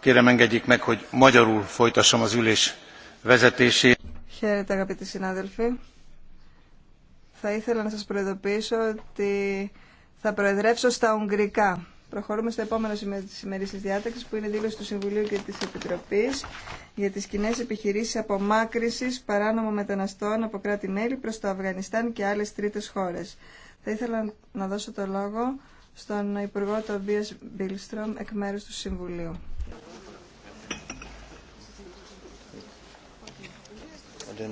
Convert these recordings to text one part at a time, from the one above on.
Kérem Χαίρετε αγαπητοί συνάδελφοι. Θα ήθελα να σας προειδοποιήσω ότι θα προεδρεύσω στα Ουγγρικά. Προχωρούμε στο επόμενο σημείο της ημερήσης διάταξης που είναι δήλωση του Συμβουλίου και της Επιτροπής για τις κοινέ επιχειρήσεις απομάκρυσης παράνομων μεταναστών από κράτη-μέλη προς το Αφγανιστάν και άλλες τρίτες χώρες. Θα ήθελα να δώσω το λόγο στον Υπουργό Τομπίας Μπίλστρομ εκ μέρους του Συμβουλίου. Uh,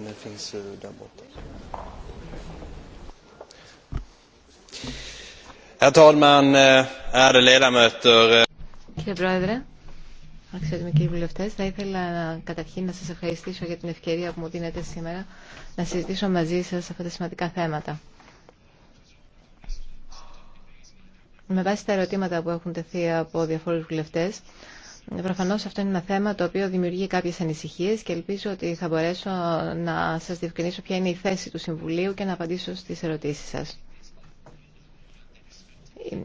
äh, äh, Κύριε Πρόεδρε, αξιότιμοι κύριοι βουλευτέ, θα ήθελα καταρχήν να σας ευχαριστήσω για την ευκαιρία που μου δίνετε σήμερα να συζητήσω μαζί σας αυτά τα σημαντικά θέματα. με βάση τα ερωτήματα που έχουν τεθεί από διαφόρους βουλευτές, Προφανώ αυτό είναι ένα θέμα το οποίο δημιουργεί κάποιε ανησυχίε και ελπίζω ότι θα μπορέσω να σα διευκρινίσω ποια είναι η θέση του Συμβουλίου και να απαντήσω στις ερωτήσει σα.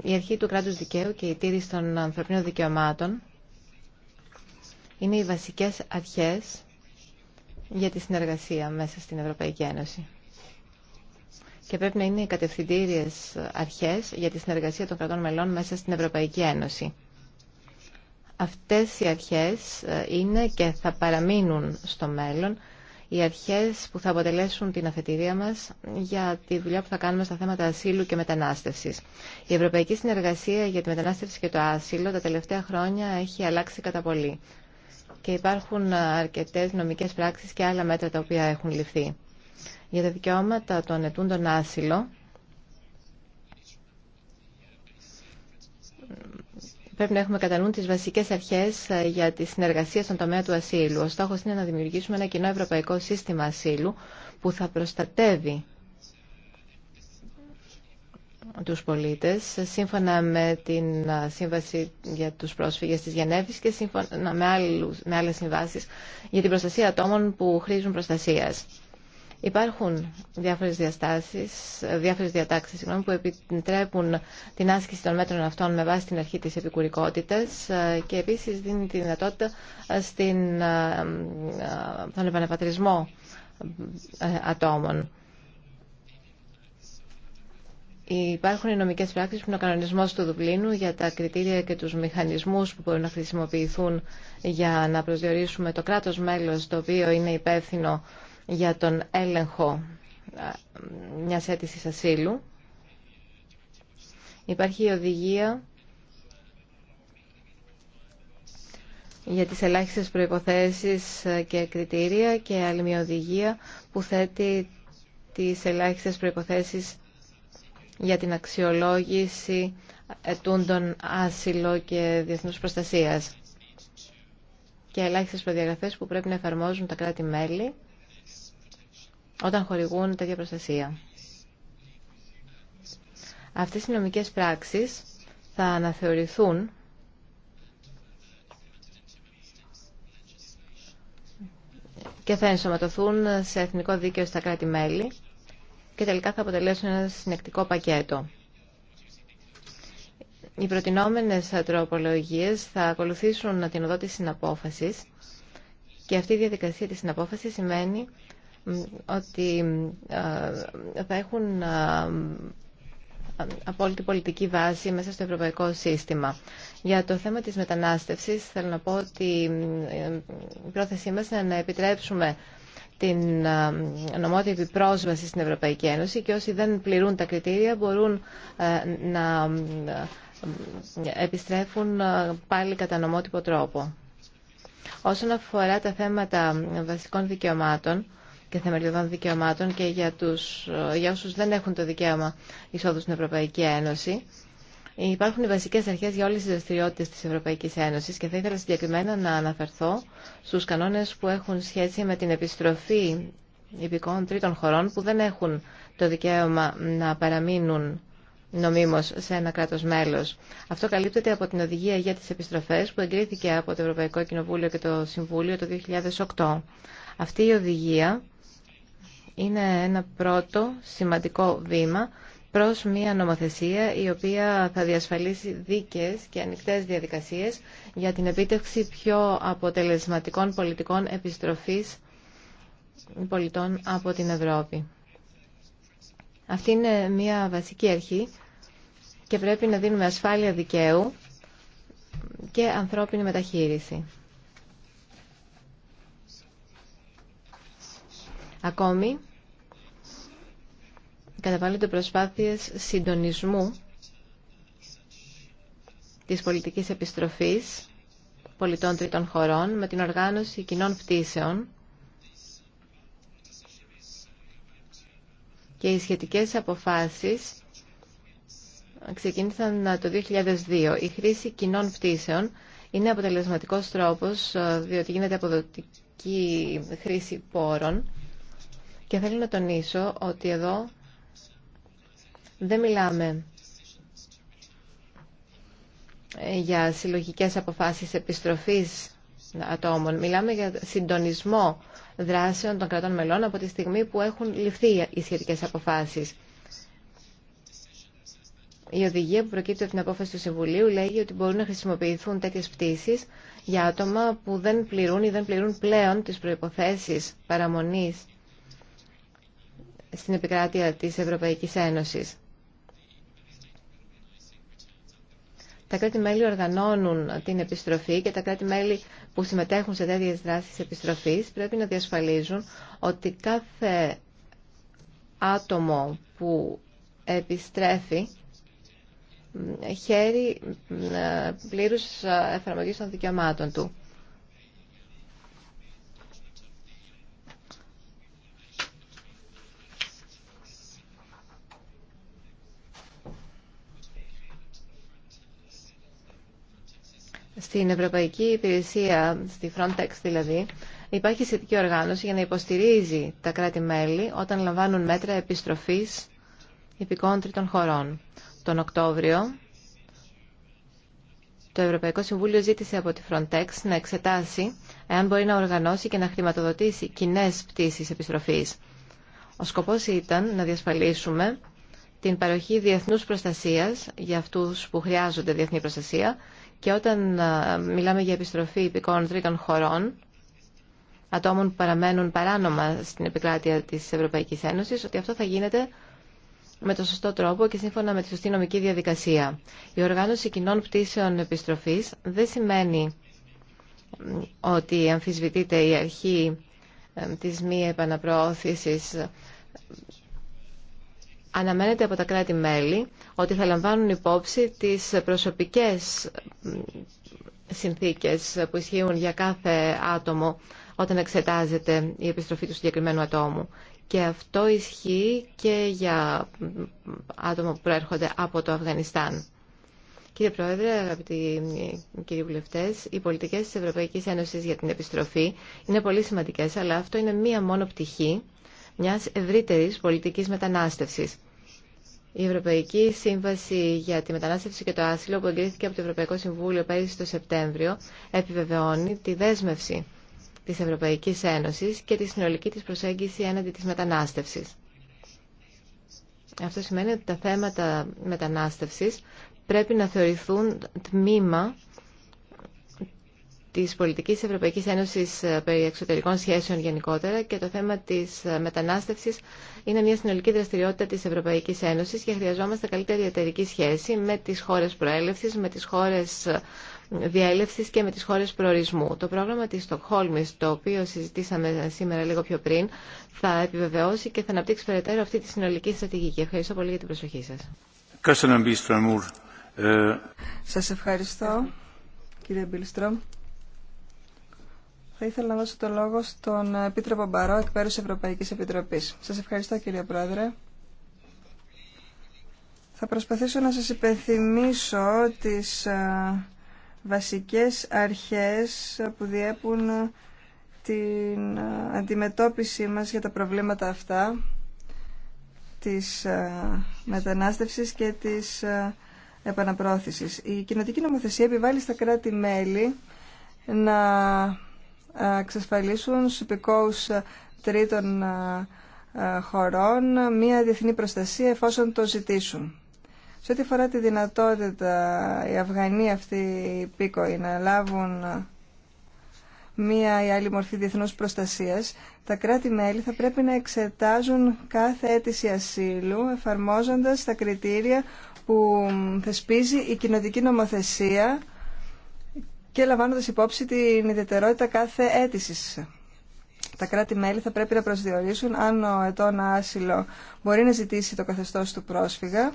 Η αρχή του κράτου δικαίου και η τήρηση των ανθρωπίνων δικαιωμάτων είναι οι βασικέ αρχέ για τη συνεργασία μέσα στην Ευρωπαϊκή Ένωση και πρέπει να είναι οι κατευθυντήριες αρχές για τη συνεργασία των κρατών μελών μέσα στην Ευρωπαϊκή Ένωση. Αυτές οι αρχές ε, είναι και θα παραμείνουν στο μέλλον οι αρχές που θα αποτελέσουν την αφετηρία μας για τη δουλειά που θα κάνουμε στα θέματα ασύλου και μετανάστευσης. Η Ευρωπαϊκή Συνεργασία για τη Μετανάστευση και το Άσυλο τα τελευταία χρόνια έχει αλλάξει κατά πολύ και υπάρχουν αρκετές νομικές πράξεις και άλλα μέτρα τα οποία έχουν ληφθεί για τα δικαιώματα των ετούντων άσυλο πρέπει να έχουμε κατά νου τις βασικές αρχές ε, για τη συνεργασία στον τομέα του ασύλου. Ο στόχος είναι να δημιουργήσουμε ένα κοινό ευρωπαϊκό σύστημα ασύλου που θα προστατεύει τους πολίτες σύμφωνα με την ε, Σύμβαση για τους πρόσφυγες της Γενέβης και σύμφωνα με, άλλους, με άλλες συμβάσεις για την προστασία ατόμων που χρήζουν προστασίας. Υπάρχουν διάφορες διαστάσεις, διάφορες διατάξεις συγγνώμη, που επιτρέπουν την άσκηση των μέτρων αυτών με βάση την αρχή της επικουρικότητας ε, και επίσης δίνει τη δυνατότητα στην, ε, ε, στον επαναπατρισμό ατόμων. Υπάρχουν οι νομικές πράξεις που είναι ο κανονισμός του Δουβλίνου για τα κριτήρια και τους μηχανισμούς που μπορούν να χρησιμοποιηθούν για να προσδιορίσουμε το κράτος μέλος το οποίο είναι υπεύθυνο για τον έλεγχο ε, μιας αίτησης ασύλου. Υπάρχει η οδηγία για τις ελάχιστες προϋποθέσεις ε, και κριτήρια και άλλη μια οδηγία που θέτει τις ελάχιστες προϋποθέσεις για την αξιολόγηση ετούντων άσυλο και διεθνούς προστασίας και ελάχιστες προδιαγραφές που πρέπει να εφαρμόζουν τα κράτη-μέλη όταν χορηγούν τέτοια προστασία. Αυτές οι νομικές πράξεις θα αναθεωρηθούν και θα ενσωματωθούν σε εθνικό δίκαιο στα κράτη-μέλη και τελικά θα αποτελέσουν ένα συνεκτικό πακέτο. Οι προτινόμενες τροπολογίες θα ακολουθήσουν την οδό της συναπόφασης και αυτή η διαδικασία της συναπόφασης σημαίνει ότι ε, θα έχουν ε, απόλυτη πολιτική βάση μέσα στο ευρωπαϊκό σύστημα. Για το θέμα της μετανάστευσης θέλω να πω ότι ε, η πρόθεσή μας είναι να επιτρέψουμε την νομότυπη πρόσβαση στην Ευρωπαϊκή Ένωση και όσοι δεν πληρούν τα κριτήρια μπορούν να επιστρέφουν πάλι κατά νομότυπο τρόπο. Όσον αφορά τα θέματα βασικών δικαιωμάτων, και θεμελιωδών δικαιωμάτων και για, τους, για όσους δεν έχουν το δικαίωμα εισόδου στην Ευρωπαϊκή Ένωση. Υπάρχουν οι βασικέ αρχέ για όλε τι δραστηριότητε τη Ευρωπαϊκή Ένωση και θα ήθελα συγκεκριμένα να αναφερθώ στου κανόνε που έχουν σχέση με την επιστροφή υπηκών τρίτων χωρών που δεν έχουν το δικαίωμα να παραμείνουν νομίμως σε ένα κράτος μέλος. Αυτό καλύπτεται από την Οδηγία για τις επιστροφέ που εγκρίθηκε από το Ευρωπαϊκό Κοινοβούλιο και το Συμβούλιο το 2008. Αυτή η οδηγία είναι ένα πρώτο σημαντικό βήμα προς μια νομοθεσία η οποία θα διασφαλίσει δίκαιες και ανοιχτές διαδικασίες για την επίτευξη πιο αποτελεσματικών πολιτικών επιστροφής πολιτών από την Ευρώπη. Αυτή είναι μια βασική αρχή και πρέπει να δίνουμε ασφάλεια δικαίου και ανθρώπινη μεταχείριση. Ακόμη, καταβάλλονται προσπάθειες συντονισμού της πολιτικής επιστροφής πολιτών τρίτων χωρών με την οργάνωση κοινών πτήσεων και οι σχετικές αποφάσεις ξεκίνησαν το 2002. Η χρήση κοινών πτήσεων είναι αποτελεσματικός τρόπος ε, διότι γίνεται αποδοτική χρήση πόρων και θέλω να τονίσω ότι εδώ δεν μιλάμε ε, για συλλογικές αποφάσεις επιστροφής ατόμων. Μιλάμε για συντονισμό δράσεων των κρατών μελών από τη στιγμή που έχουν ληφθεί οι σχετικές αποφάσεις. Η οδηγία που προκύπτει από την απόφαση του Συμβουλίου λέγει ότι μπορούν να χρησιμοποιηθούν τέτοιες πτήσεις για άτομα που δεν πληρούν ή δεν πληρούν πλέον τις προϋποθέσεις παραμονής στην επικράτεια της Ευρωπαϊκής Ένωσης. Τα κράτη-μέλη οργανώνουν την επιστροφή και τα κράτη-μέλη που συμμετέχουν σε τέτοιε δράσεις επιστροφής πρέπει να διασφαλίζουν ότι κάθε άτομο που επιστρέφει χέρι ε, πλήρους ε, εφαρμογής των δικαιωμάτων του. Στην Ευρωπαϊκή Υπηρεσία, στη Frontex δηλαδή, υπάρχει σχετική οργάνωση για να υποστηρίζει τα κράτη-μέλη όταν λαμβάνουν μέτρα επιστροφής υπηκών τρίτων χωρών. Τον Οκτώβριο, το Ευρωπαϊκό Συμβούλιο ζήτησε από τη Frontex να εξετάσει εάν μπορεί να οργανώσει και να χρηματοδοτήσει κοινέ πτήσεις επιστροφής. Ο σκοπός ήταν να διασφαλίσουμε την παροχή διεθνούς προστασίας για αυτούς που χρειάζονται διεθνή προστασία και όταν ε, μιλάμε για επιστροφή υπηκών τρίτων χωρών, ατόμων που παραμένουν παράνομα στην επικράτεια της Ευρωπαϊκής Ένωσης, ότι αυτό θα γίνεται με το σωστό τρόπο και σύμφωνα με τη σωστή νομική διαδικασία. Η οργάνωση κοινών πτήσεων επιστροφής δεν σημαίνει ότι αμφισβητείται η αρχή ε, της μη επαναπροώθησης αναμένεται από τα κράτη-μέλη ότι θα λαμβάνουν υπόψη τις προσωπικές συνθήκες που ισχύουν για κάθε άτομο όταν εξετάζεται η επιστροφή του συγκεκριμένου ατόμου. Και αυτό ισχύει και για άτομα που προέρχονται από το Αφγανιστάν. Κύριε Πρόεδρε, αγαπητοί κύριοι βουλευτέ, οι πολιτικέ τη Ευρωπαϊκή Ένωση για την επιστροφή είναι πολύ σημαντικέ, αλλά αυτό είναι μία μόνο πτυχή μια ευρύτερη πολιτική μετανάστευση. Η Ευρωπαϊκή Σύμβαση για τη Μετανάστευση και το Άσυλο που εγκρίθηκε από το Ευρωπαϊκό Συμβούλιο πέρυσι το Σεπτέμβριο επιβεβαιώνει τη δέσμευση της Ευρωπαϊκής Ένωσης και τη συνολική τη προσέγγιση έναντι της μετανάστευσης. Αυτό σημαίνει ότι τα θέματα μετανάστευσης πρέπει να θεωρηθούν τμήμα της πολιτικής Ευρωπαϊκής Ένωσης ε, περί εξωτερικών σχέσεων γενικότερα και το θέμα της ε, μετανάστευσης είναι μια συνολική δραστηριότητα της Ευρωπαϊκής Ένωσης και χρειαζόμαστε καλύτερη εταιρική σχέση με τις χώρες προέλευσης, με τις χώρες ε, διέλευσης και με τις χώρες προορισμού. Το πρόγραμμα της Στοκχόλμης, το οποίο συζητήσαμε σήμερα λίγο πιο πριν, θα επιβεβαιώσει και θα αναπτύξει περαιτέρω αυτή τη συνολική στρατηγική. Ευχαριστώ πολύ για την προσοχή σας. Σας ευχαριστώ κύριε Μπιλστρόμ. Θα ήθελα να δώσω το λόγο στον Επίτροπο Μπαρό, εκ Ευρωπαϊκή Ευρωπαϊκής Επιτροπής. Σας ευχαριστώ κύριε Πρόεδρε. Θα προσπαθήσω να σας υπενθυμίσω τις ε, βασικές αρχές που διέπουν την ε, αντιμετώπιση μας για τα προβλήματα αυτά της ε, μετανάστευσης και της επαναπρόθεσης. Η κοινοτική νομοθεσία επιβάλλει στα κράτη-μέλη να εξασφαλίσουν στους υπηκόους ε, τρίτων ε, ε, χωρών μία διεθνή προστασία εφόσον το ζητήσουν. Σε ό,τι φορά τη δυνατότητα οι Αφγανοί αυτοί οι πίκοοι να λάβουν μία ή άλλη μορφή διεθνούς προστασίας, τα κράτη-μέλη θα πρέπει να εξετάζουν κάθε αίτηση ασύλου εφαρμόζοντας τα κριτήρια που θεσπίζει η κοινοτική νομοθεσία και λαμβάνοντα υπόψη την ιδιαιτερότητα κάθε αίτηση. Τα κράτη-μέλη θα πρέπει να προσδιορίσουν αν ο ετών άσυλο μπορεί να ζητήσει το καθεστώ του πρόσφυγα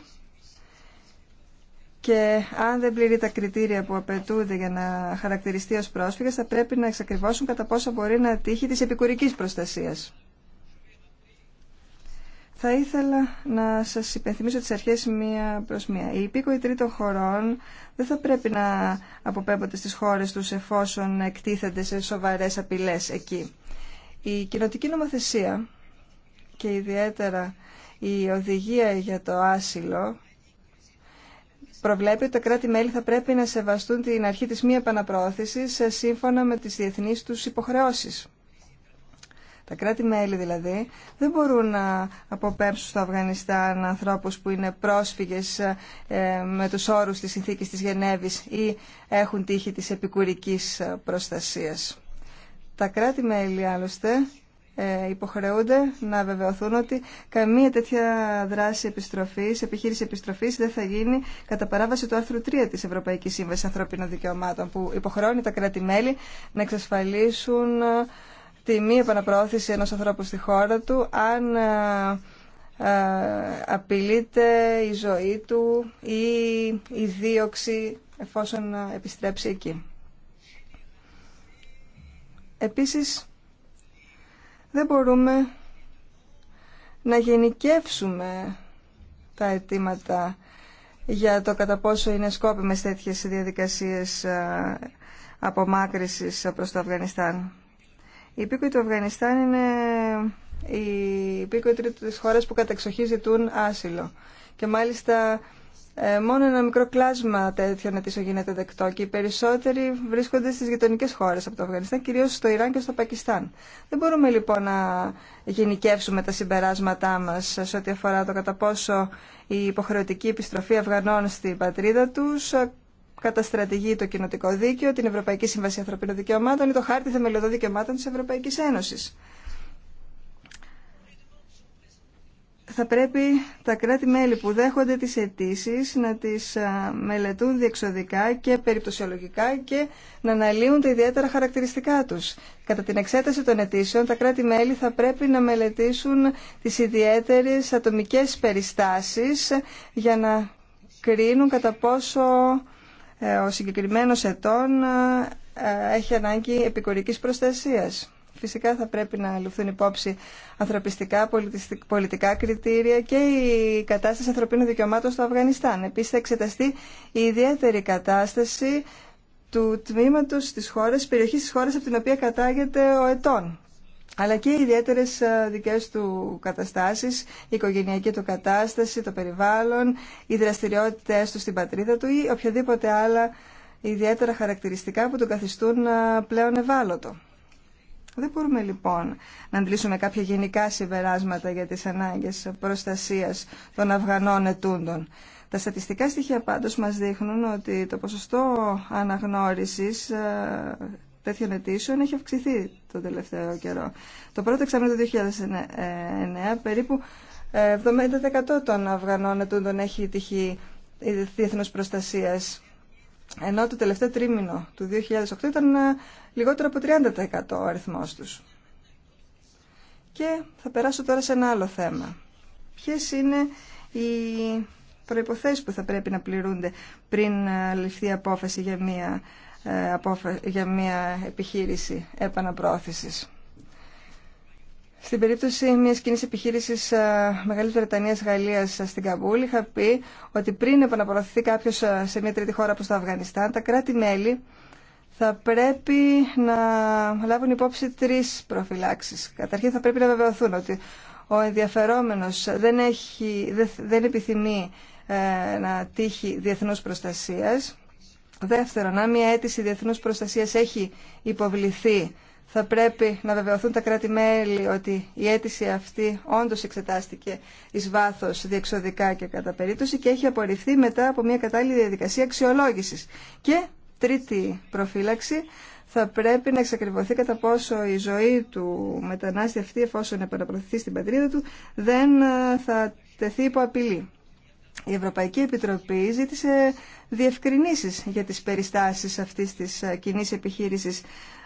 και αν δεν πληρεί τα κριτήρια που απαιτούνται για να χαρακτηριστεί ω πρόσφυγα, θα πρέπει να εξακριβώσουν κατά πόσο μπορεί να τύχει τη επικουρική προστασία. Θα ήθελα να σας υπενθυμίσω τις αρχές μία προς μία. Οι υπήκοοι τρίτων χωρών δεν θα πρέπει να αποπέμπονται στις χώρες τους εφόσον εκτίθενται σε σοβαρές απειλές εκεί. Η κοινοτική νομοθεσία και ιδιαίτερα η οδηγία για το άσυλο προβλέπει ότι τα κράτη-μέλη θα πρέπει να σεβαστούν την αρχή της μη σε σύμφωνα με τις διεθνείς τους υποχρεώσεις. Τα κράτη-μέλη δηλαδή δεν μπορούν να αποπέμψουν στο Αφγανιστάν ανθρώπους που είναι πρόσφυγες ε, με τους όρους της συνθήκης της Γενέβης ή έχουν τύχη της επικουρικής ε, προστασίας. Τα κράτη-μέλη άλλωστε ε, υποχρεούνται να βεβαιωθούν ότι καμία τέτοια δράση επιστροφής, επιχείρηση επιστροφής δεν θα γίνει κατά παράβαση του άρθρου 3 της Ευρωπαϊκής Σύμβασης Ανθρώπινων Δικαιωμάτων που υποχρεώνει τα κράτη-μέλη να εξασφαλίσουν τη μη επαναπροώθηση ενός ανθρώπου στη χώρα του αν ε, ε, απειλείται η ζωή του ή η δίωξη εφόσον ε, επιστρέψει εκεί. Επίσης, δεν μπορούμε να γενικεύσουμε τα αιτήματα για το κατά πόσο είναι σκόπιμες τέτοιες διαδικασίες απομάκρυσης προς το Αφγανιστάν. Η υπήκοοι του Αφγανιστάν είναι οι τρίτη της χώρας που κατεξοχή ζητούν άσυλο. Και μάλιστα ε, μόνο ένα μικρό κλάσμα τέτοιων αιτήσεων γίνεται δεκτό και οι περισσότεροι βρίσκονται στις γειτονικέ χώρες από το Αφγανιστάν, κυρίως στο Ιράν και στο Πακιστάν. Δεν μπορούμε λοιπόν να γενικεύσουμε τα συμπεράσματά μας σε ό,τι αφορά το κατά πόσο η υποχρεωτική επιστροφή Αφγανών στην πατρίδα τους καταστρατηγεί το κοινοτικό δίκαιο, την Ευρωπαϊκή Σύμβαση Ανθρωπίνων Δικαιωμάτων ή το Χάρτη Θεμελιωδών Δικαιωμάτων της Ευρωπαϊκής Ένωσης. Θα πρέπει τα κράτη-μέλη που δέχονται τις αιτήσει να τις μελετούν διεξοδικά και περιπτωσιολογικά και να αναλύουν τα ιδιαίτερα χαρακτηριστικά τους. Κατά την εξέταση των αιτήσεων, τα κράτη-μέλη θα πρέπει να μελετήσουν τις ιδιαίτερες ατομικές περιστάσεις για να κρίνουν κατά πόσο ε, ο συγκεκριμένος ετών ε, έχει ανάγκη επικορικής προστασίας. Φυσικά θα πρέπει να ληφθούν υπόψη ανθρωπιστικά, πολιτικά κριτήρια και η κατάσταση ανθρωπίνων δικαιωμάτων στο Αφγανιστάν. Επίσης θα εξεταστεί η ιδιαίτερη κατάσταση του τμήματος της χώρας, περιοχής της χώρας από την οποία κατάγεται ο ετών αλλά και οι ιδιαίτερες ε, δικές του καταστάσεις, η οικογενειακή του κατάσταση, το περιβάλλον, οι δραστηριότητες του στην πατρίδα του ή οποιαδήποτε άλλα ιδιαίτερα χαρακτηριστικά που τον καθιστούν ε, πλέον ευάλωτο. Δεν μπορούμε λοιπόν να αντλήσουμε κάποια γενικά συμπεράσματα για τις ανάγκες προστασίας των Αφγανών ετούντων. Τα στατιστικά στοιχεία πάντως μας δείχνουν ότι το ποσοστό αναγνώρισης ε, τέτοιων αιτήσεων έχει αυξηθεί το τελευταίο καιρό. Το πρώτο εξάμεινο του 2009 περίπου 70% ε, των Αφγανών ετούντων έχει τυχή διεθνώς προστασίας ενώ το τελευταίο τρίμηνο του 2008 ήταν ε, λιγότερο από 30% ο αριθμός τους. Και θα περάσω τώρα σε ένα άλλο θέμα. Ποιες είναι οι προϋποθέσεις που θα πρέπει να πληρούνται πριν ε, ληφθεί απόφαση για μια ε, για μια επιχείρηση επαναπρόθεσης. Στην περίπτωση μια κοινή επιχείρηση ε, Μεγάλη Βρετανία Γαλλία ε, στην Καμπούλη, είχα πει ότι πριν επαναπροωθηθεί κάποιο σε μια τρίτη χώρα όπω το Αφγανιστάν, τα κράτη-μέλη θα πρέπει να λάβουν υπόψη τρει προφυλάξει. Καταρχήν θα πρέπει να βεβαιωθούν ότι ο ενδιαφερόμενο δεν, δεν επιθυμεί να τύχει διεθνού προστασία Δεύτερον, αν μια αίτηση διεθνούς προστασίας έχει υποβληθεί, θα πρέπει να βεβαιωθούν τα κράτη-μέλη ότι η αίτηση αυτή όντως εξετάστηκε εις βάθος διεξοδικά και κατά περίπτωση και έχει απορριφθεί μετά από μια κατάλληλη διαδικασία αξιολόγησης. Και τρίτη προφύλαξη, θα πρέπει να εξακριβωθεί κατά πόσο η ζωή του μετανάστη αυτή, εφόσον επαναπροθεθεί στην πατρίδα του, δεν ε, θα τεθεί υπό απειλή. Η Ευρωπαϊκή Επιτροπή ζήτησε διευκρινήσεις για τις περιστάσεις αυτής της ε, κοινή επιχείρησης ε,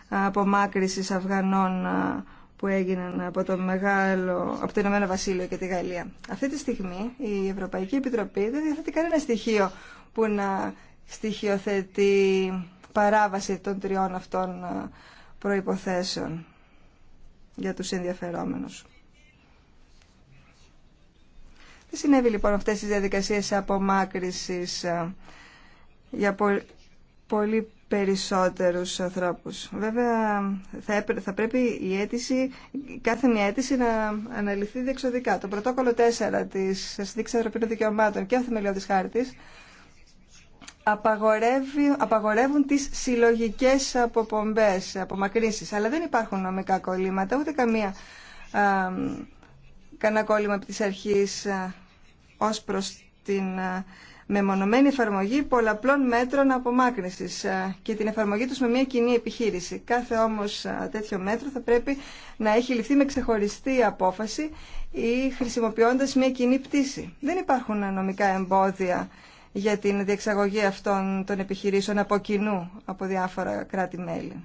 απομάκρυσης Αφγανών ε, που έγιναν από το, μεγάλο, από Ηνωμένο Βασίλειο και τη Γαλλία. Αυτή τη στιγμή η Ευρωπαϊκή Επιτροπή δεν διαθέτει κανένα στοιχείο που να στοιχειοθετεί παράβαση των τριών αυτών προϋποθέσεων για τους ενδιαφερόμενους. Τι συνέβη λοιπόν αυτές τις διαδικασίες απομάκρυσης ε, για πολύ περισσότερους ανθρώπους. Βέβαια θα, πρέπει η αίτηση, κάθε μια αίτηση να αναλυθεί διεξοδικά. Το πρωτόκολλο 4 της Συνδίκης Ανθρωπίνων Δικαιωμάτων και ο Θεμελιώδης Χάρτης απαγορεύουν τις συλλογικές αποπομπές, απομακρύνσεις. Αλλά δεν υπάρχουν νομικά κολλήματα, ούτε καμία, ε, κανένα κόλλημα από τις αρχής ε, ως προς την ε, μεμονωμένη εφαρμογή πολλαπλών μέτρων απομάκρυνσης ε, και την εφαρμογή τους με μια κοινή επιχείρηση. Κάθε όμως ε, τέτοιο μέτρο θα πρέπει να έχει ληφθεί με ξεχωριστή απόφαση ή χρησιμοποιώντας μια κοινή πτήση. Δεν υπάρχουν νομικά εμπόδια για την διεξαγωγή αυτών των επιχειρήσεων από κοινού από διάφορα κράτη-μέλη.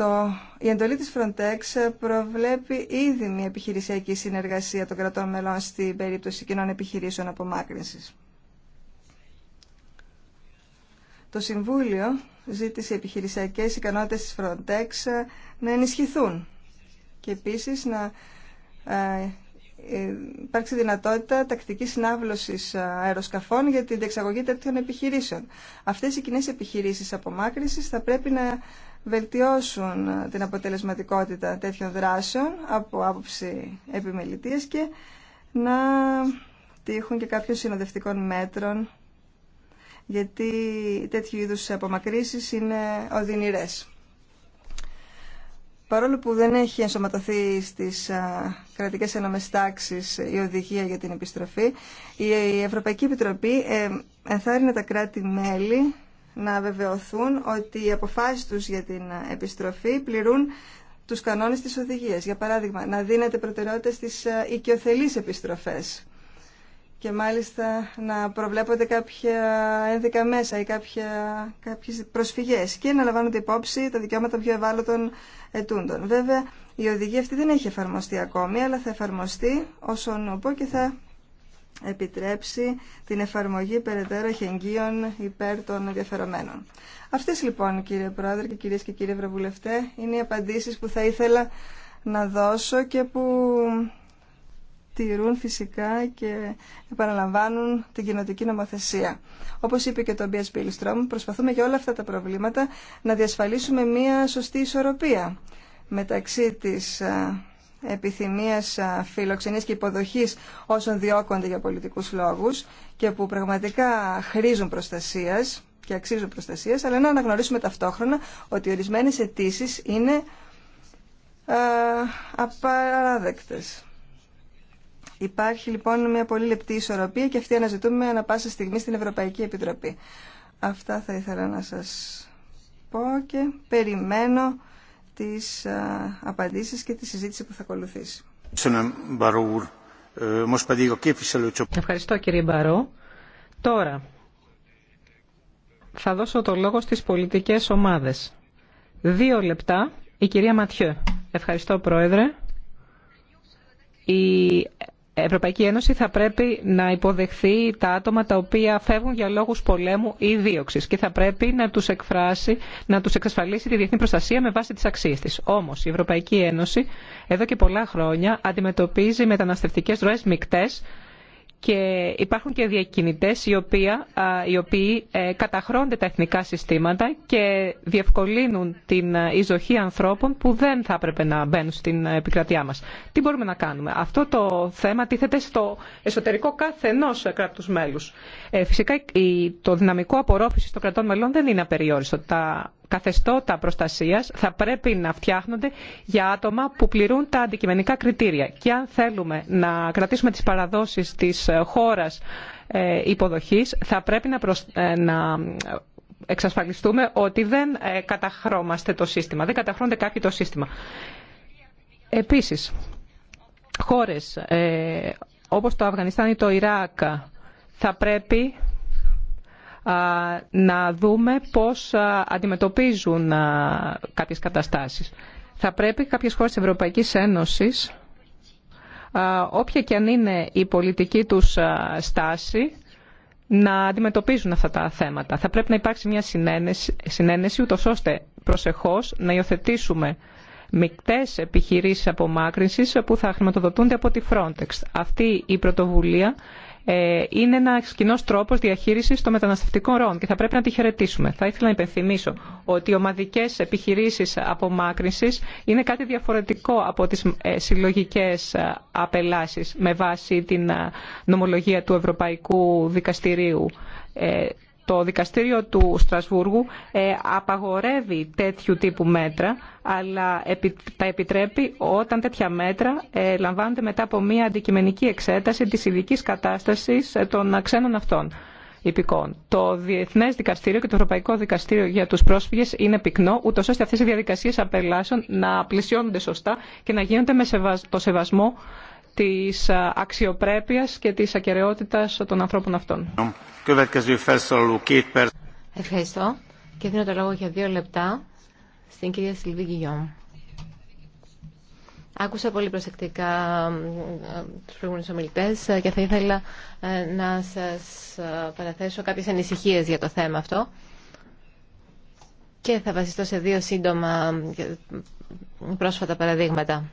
Το, η εντολή της Frontex προβλέπει ήδη μια επιχειρησιακή συνεργασία των κρατών μελών στην περίπτωση κοινών επιχειρήσεων απομάκρυνσης. Το Συμβούλιο ζήτησε οι επιχειρησιακές ικανότητες της Frontex να ενισχυθούν και επίσης να ε, ε, υπάρξει δυνατότητα τακτικής συνάβλωσης αεροσκαφών για την διεξαγωγή τέτοιων επιχειρήσεων. Αυτές οι κοινέ επιχειρήσεις απομάκρυνσης θα πρέπει να βελτιώσουν την αποτελεσματικότητα τέτοιων δράσεων από άποψη επιμελητίας και να τύχουν και κάποιων συνοδευτικών μέτρων γιατί τέτοιου είδους απομακρύσεις είναι οδυνηρές. Παρόλο που δεν έχει ενσωματωθεί στις κρατικές ένωμες τάξεις η οδηγία για την επιστροφή, η Ευρωπαϊκή Επιτροπή ε, ενθάρρυνε τα κράτη-μέλη να βεβαιωθούν ότι οι αποφάσεις τους για την επιστροφή πληρούν τους κανόνες της οδηγίας. Για παράδειγμα, να δίνεται προτεραιότητα στις ε, οικειοθελείς επιστροφές και μάλιστα να προβλέπονται κάποια ένδικα μέσα ή κάποια, κάποιες προσφυγές και να λαμβάνονται υπόψη τα δικαιώματα πιο ευάλωτων ετούντων. Βέβαια, η οδηγία αυτή δεν έχει εφαρμοστεί ακόμη, αλλά θα εφαρμοστεί όσον οπό και θα επιτρέψει την εφαρμογή περαιτέρω εγγύων υπέρ των ενδιαφερομένων. Αυτές λοιπόν κύριε Πρόεδρε και κυρίες και κύριοι Ευρωβουλευτέ είναι οι απαντήσεις που θα ήθελα να δώσω και που τηρούν φυσικά και επαναλαμβάνουν την κοινοτική νομοθεσία. Όπω είπε και το Μπία Πίλιστρομ, προσπαθούμε για όλα αυτά τα προβλήματα να διασφαλίσουμε μια σωστή ισορροπία μεταξύ της ε, επιθυμίας φιλοξενίας και υποδοχής όσων διώκονται για πολιτικούς λόγους και που πραγματικά χρήζουν προστασίας και αξίζουν προστασίας, αλλά να αναγνωρίσουμε ταυτόχρονα ότι ορισμένες αιτήσει είναι α, απαράδεκτες. Υπάρχει λοιπόν μια πολύ λεπτή ισορροπία και αυτή αναζητούμε ανα πάσα στιγμή στην Ευρωπαϊκή Επιτροπή. Αυτά θα ήθελα να σας πω και περιμένω τις απαντήσεις και τη συζήτηση που θα ακολουθήσει. Ε, Ευχαριστώ κύριε Μπαρό. Τώρα θα δώσω το λόγο στις πολιτικές ομάδες. Δύο λεπτά η κυρία Ματιέ. Ευχαριστώ πρόεδρε. Η Ευρωπαϊκή Ένωση θα πρέπει να υποδεχθεί τα άτομα τα οποία φεύγουν για λόγους πολέμου ή δίωξης και θα πρέπει να τους εκφράσει, να τους εξασφαλίσει τη διεθνή προστασία με βάση τις αξίες της. Όμως η Ευρωπαϊκή Ένωση εδώ και πολλά χρόνια αντιμετωπίζει μεταναστευτικές ροές μεικτέ και υπάρχουν και διακινητές οι, οι οποίοι ε, καταχρώνται τα εθνικά συστήματα και διευκολύνουν την ε, ιζοχή ανθρώπων που δεν θα έπρεπε να μπαίνουν στην ε, επικρατειά μας. Τι μπορούμε να κάνουμε. Αυτό το θέμα τίθεται στο εσωτερικό κάθε ενός κράτους μέλους. φυσικά το δυναμικό απορρόφησης των κρατών μελών δεν είναι απεριόριστο καθεστώτα προστασίας θα πρέπει να φτιάχνονται για άτομα που πληρούν τα αντικειμενικά κριτήρια. Και αν θέλουμε να κρατήσουμε τις παραδόσεις της χώρας ε, υποδοχής, θα πρέπει να, ε, να εξασφαλιστούμε ότι δεν ε, καταχρώμαστε το σύστημα, δεν καταχρώνεται κάποιοι το σύστημα. Επίσης, χώρες όπως το Αφγανιστάν ή το Ιράκ θα πρέπει να δούμε πώς αντιμετωπίζουν κάποιες καταστάσεις. Θα πρέπει κάποιες χώρες της Ευρωπαϊκής Ένωσης, όποια και αν είναι η πολιτική τους στάση, να αντιμετωπίζουν αυτά τα θέματα. Θα πρέπει να υπάρξει μια συνένεση, συνένεση ούτως ώστε προσεχώς να υιοθετήσουμε μικτές επιχειρήσεις απομάκρυνσης που θα χρηματοδοτούνται από τη Frontex. Αυτή η πρωτοβουλία ε, είναι ένα κοινό τρόπο διαχείριση των μεταναστευτικών ροών και θα πρέπει να τη χαιρετήσουμε. Θα ήθελα να υπενθυμίσω ότι οι ομαδικέ επιχειρήσει απομάκρυνση είναι κάτι διαφορετικό από τι ε, συλλογικέ ε, απελάσει με βάση την νομολογία του Ευρωπαϊκού Δικαστηρίου το δικαστήριο του Στρασβούργου ε, απαγορεύει τέτοιου τύπου μέτρα, αλλά τα επιτρέπει όταν τέτοια μέτρα ε, λαμβάνονται μετά από μια αντικειμενική εξέταση της ειδική κατάστασης ε, των ξένων αυτών. Υπηκών. Το Διεθνέ Δικαστήριο και το Ευρωπαϊκό Δικαστήριο για του Πρόσφυγε είναι πυκνό, ούτω ώστε αυτέ οι διαδικασίε απελάσεων να πλησιώνονται σωστά και να γίνονται με το σεβασμό της αξιοπρέπειας και της ακαιρεότητας των ανθρώπων αυτών. Ευχαριστώ. Και δίνω το λόγο για δύο λεπτά στην κυρία Σιλβί Γιόμ. Άκουσα πολύ προσεκτικά ε, τους προηγούμενους ομιλητές και θα ήθελα ε, να σας ε, παραθέσω κάποιες ανησυχίες για το θέμα αυτό και θα βασιστώ σε δύο σύντομα πρόσφατα παραδείγματα.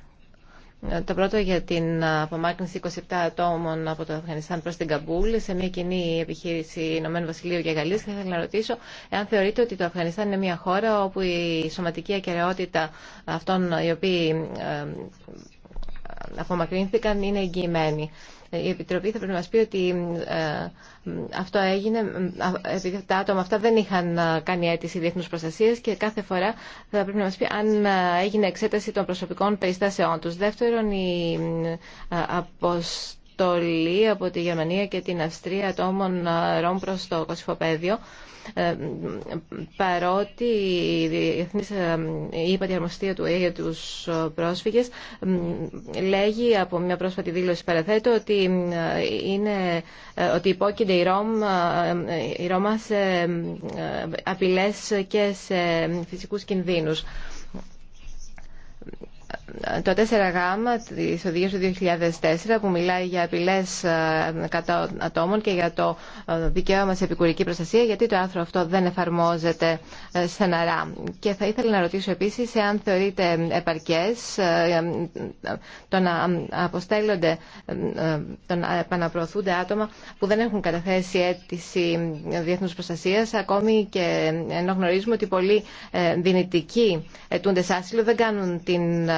Το πρώτο για την απομάκρυνση 27 ατόμων από το Αφγανιστάν προς την Καμπούλ σε μια κοινή επιχείρηση Ηνωμένου Βασιλείου και Γαλλίας θα ήθελα να ρωτήσω εάν θεωρείτε ότι το Αφγανιστάν είναι μια χώρα όπου η σωματική ακεραιότητα αυτών οι οποίοι ε, απομακρύνθηκαν είναι εγγυημένη η Επιτροπή θα πρέπει να μας πει ότι ε, αυτό έγινε επειδή τα άτομα αυτά δεν είχαν ε, κάνει αίτηση διεθνούς προστασία και κάθε φορά θα πρέπει να μας πει αν ε, έγινε εξέταση των προσωπικών περιστάσεών τους. Δεύτερον, η αποστολή από τη Γερμανία και την Αυστρία ατόμων ε, Ρώμ προς το Κωσυφοπαίδιο ε, παρότι η Διεθνής ε, του ΕΕ για τους πρόσφυγες λέγει από μια πρόσφατη δήλωση παραθέτω ότι, είναι, ότι υπόκεινται η, Ρώμ, η Ρώμα σε απειλές και σε φυσικούς κινδύνους το 4Γ της οδηγίας του 2004 που μιλάει για απειλές ε, κατά ατόμων και για το ε, δικαίωμα σε επικουρική προστασία γιατί το άρθρο αυτό δεν εφαρμόζεται ε, στεναρά. Και θα ήθελα να ρωτήσω επίσης εάν θεωρείτε επαρκές το να αποστέλλονται, το να επαναπροωθούνται άτομα που δεν έχουν καταθέσει αίτηση διεθνούς προστασίας ακόμη και ενώ γνωρίζουμε ότι πολλοί δυνητικοί σε άσυλο δεν κάνουν την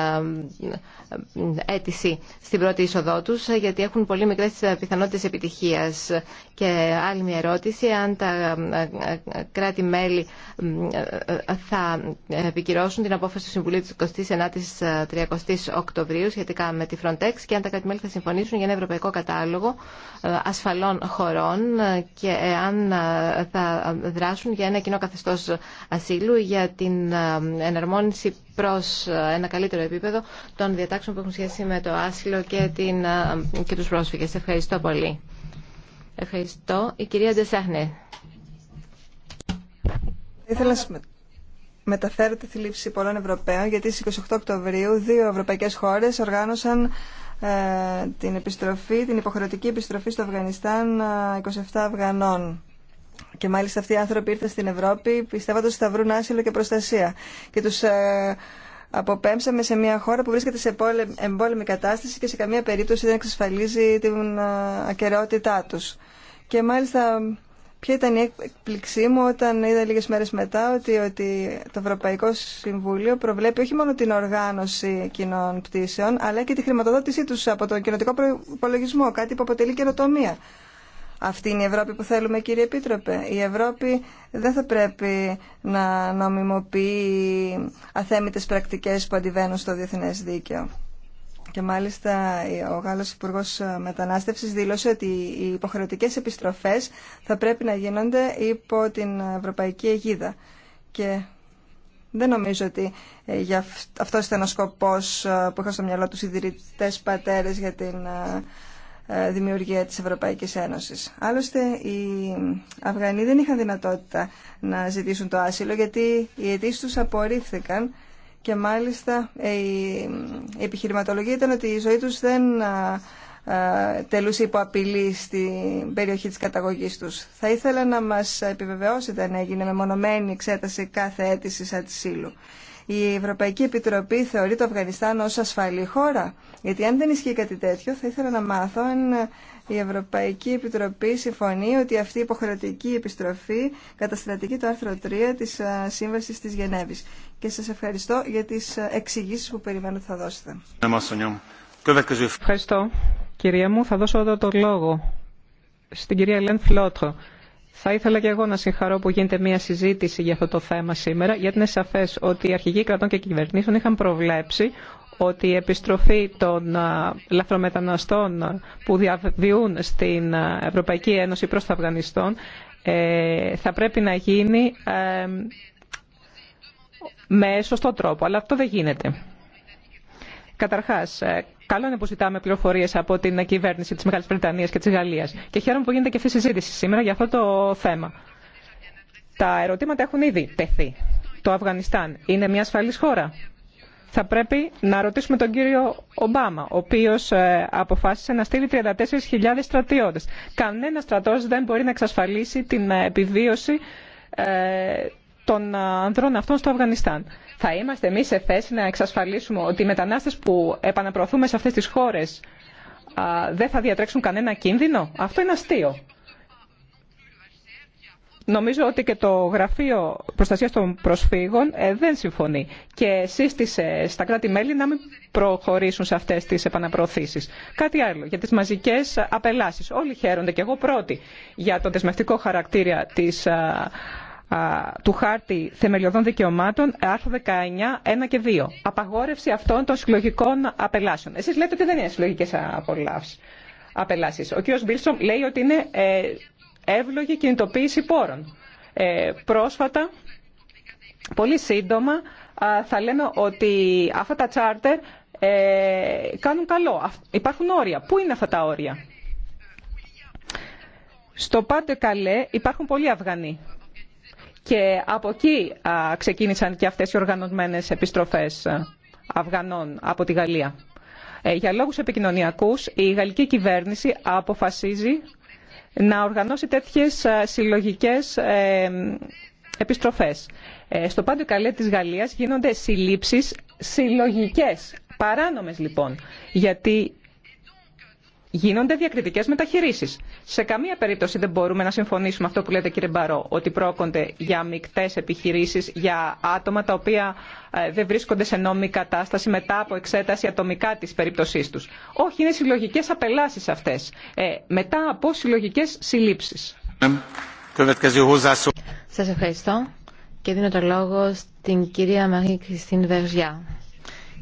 αίτηση στην πρώτη είσοδό του, γιατί έχουν πολύ μικρέ πιθανότητε επιτυχία Και άλλη μια ερώτηση, αν τα ε, ε, κράτη-μέλη ε, θα επικυρώσουν την απόφαση του Συμβουλίου τη 29 η 30ης η οκτωβριου σχετικά με τη Frontex και αν τα κράτη-μέλη θα συμφωνήσουν για ένα ευρωπαϊκό κατάλογο ασφαλών χωρών και αν θα δράσουν για ένα κοινό καθεστώ ασύλου για την εναρμόνιση προς ε, ένα καλύτερο επίπεδο των διατάξεων που έχουν σχέση με το άσυλο και, την, ε, και τους πρόσφυγες. Ευχαριστώ πολύ. Ευχαριστώ. Η κυρία Ντεσάχνε. Ήθελα να μεταφέρω τη θλίψη πολλών Ευρωπαίων γιατί στις 28 Οκτωβρίου δύο ευρωπαϊκές χώρες οργάνωσαν ε, την, επιστροφή, την υποχρεωτική επιστροφή στο Αφγανιστάν 27 Αφγανών και μάλιστα αυτοί οι άνθρωποι ήρθαν στην Ευρώπη πιστεύοντα ότι θα βρουν άσυλο και προστασία. Και του ε, αποπέμψαμε σε μια χώρα που βρίσκεται σε εμπόλεμη κατάσταση και σε καμία περίπτωση δεν εξασφαλίζει την ε, ακαιρεότητά του. Και μάλιστα Ποια ήταν η έκπληξή μου όταν είδα λίγες μέρες μετά ότι, ότι το Ευρωπαϊκό Συμβούλιο προβλέπει όχι μόνο την οργάνωση κοινών πτήσεων αλλά και τη χρηματοδότησή τους από τον κοινοτικό προπολογισμό, κάτι που αποτελεί καινοτομία. Αυτή είναι η Ευρώπη που θέλουμε κύριε Επίτροπε. Η Ευρώπη δεν θα πρέπει να νομιμοποιεί αθέμητες πρακτικές που αντιβαίνουν στο διεθνές δίκαιο. Και μάλιστα ο Γάλλος Υπουργό Μετανάστευσης δήλωσε ότι οι υποχρεωτικές επιστροφές θα πρέπει να γίνονται υπό την Ευρωπαϊκή Αιγίδα. Και δεν νομίζω ότι ε, για αυτός ήταν ο σκοπό ε, που είχαν στο μυαλό τους οι πατέρες για την ε, ε, δημιουργία της Ευρωπαϊκής Ένωσης. Άλλωστε, οι Αφγανοί δεν είχαν δυνατότητα να ζητήσουν το άσυλο γιατί οι αιτήσει τους απορρίφθηκαν και μάλιστα ε, η επιχειρηματολογία ήταν ότι η ζωή τους δεν τελούσε υπό απειλή στην περιοχή της καταγωγής τους. Θα ήθελα να μας επιβεβαιώσετε αν έγινε μεμονωμένη εξέταση κάθε αίτηση ατσίλου η Ευρωπαϊκή Επιτροπή θεωρεί το Αφγανιστάν ως ασφαλή χώρα. Γιατί αν δεν ισχύει κάτι τέτοιο θα ήθελα να μάθω αν η Ευρωπαϊκή Επιτροπή συμφωνεί ότι αυτή η υποχρεωτική επιστροφή καταστρατηγεί το άρθρο 3 της ε, Σύμβασης της Γενέβης. Και σας ευχαριστώ για τις ε, εξηγήσεις που περιμένω θα δώσετε. Ευχαριστώ. Κυρία μου, θα δώσω εδώ το λόγο στην κυρία Ελέν Φλότρο θα ήθελα και εγώ να συγχαρώ που γίνεται μια συζήτηση για αυτό το θέμα σήμερα, γιατί είναι σαφέ ότι οι αρχηγοί κρατών και κυβερνήσεων είχαν προβλέψει ότι η επιστροφή των λαθρομεταναστών που διαβιούν στην Ευρωπαϊκή Ένωση προς το Αφγανιστόν ε, θα πρέπει να γίνει ε, με σωστό τρόπο. Αλλά αυτό δεν γίνεται. Καταρχά, ε, καλό είναι που ζητάμε πληροφορίε από την κυβέρνηση τη Μεγάλη Βρετανία και τη Γαλλία. Και χαίρομαι που γίνεται και αυτή η συζήτηση σήμερα για αυτό το θέμα. Τα ερωτήματα έχουν ήδη τεθεί. Το Αφγανιστάν είναι μια ασφαλής χώρα. Θα πρέπει να ρωτήσουμε τον κύριο Ομπάμα, ο οποίο ε, αποφάσισε να στείλει 34.000 στρατιώτε. Κανένα στρατό δεν μπορεί να εξασφαλίσει την ε, επιβίωση των ε, ανδρών αυτών στο Αφγανιστάν. Θα είμαστε εμεί σε θέση να εξασφαλίσουμε ότι οι μετανάστες που επαναπροωθούμε σε αυτές τις χώρες δεν θα διατρέξουν κανένα κίνδυνο. Αυτό είναι αστείο. Νομίζω ότι και το Γραφείο Προστασίας των Προσφύγων ε, δεν συμφωνεί και σύστησε στα κράτη-μέλη να μην προχωρήσουν σε αυτές τις επαναπροωθήσεις. Κάτι άλλο, για τις μαζικές απελάσεις. Όλοι χαίρονται και εγώ πρώτη για το δεσμευτικό χαρακτήρα της του Χάρτη Θεμελιωδών Δικαιωμάτων, άρθρο 19, 1 και 2. Απαγόρευση αυτών των συλλογικών απελάσεων. Εσείς λέτε ότι δεν είναι συλλογικέ απελάσεις. Ο κ. Μπίλσομ λέει ότι είναι ε, εύλογη κινητοποίηση πόρων. Ε, πρόσφατα, πολύ σύντομα, θα λέμε ότι αυτά τα τσάρτερ ε, κάνουν καλό. Υπάρχουν όρια. Πού είναι αυτά τα όρια. Στο Πάντε Καλέ υπάρχουν πολλοί Αυγανοί και από εκεί ξεκίνησαν και αυτές οι οργανωμένες επιστροφές Αφγανών από τη Γαλλία. Ε, για λόγους επικοινωνιακούς η γαλλική κυβέρνηση αποφασίζει να οργανώσει τέτοιες συλλογικές ε, επιστροφές. Ε, στο πάντο Καλέ της Γαλλίας γίνονται συλλήψεις συλλογικές, παράνομες λοιπόν, γιατί γίνονται διακριτικές μεταχειρήσει. Σε καμία περίπτωση δεν μπορούμε να συμφωνήσουμε αυτό που λέτε κύριε Μπαρό, ότι πρόκονται για μεικτέ επιχειρήσεις, για άτομα τα οποία ε, δεν βρίσκονται σε νόμιμη κατάσταση μετά από εξέταση ατομικά τη περιπτώσή τους. Όχι, είναι συλλογικές απελάσεις αυτές, ε, μετά από συλλογικέ συλλήψει. Σα ευχαριστώ και δίνω το λόγο στην κυρία Κριστίν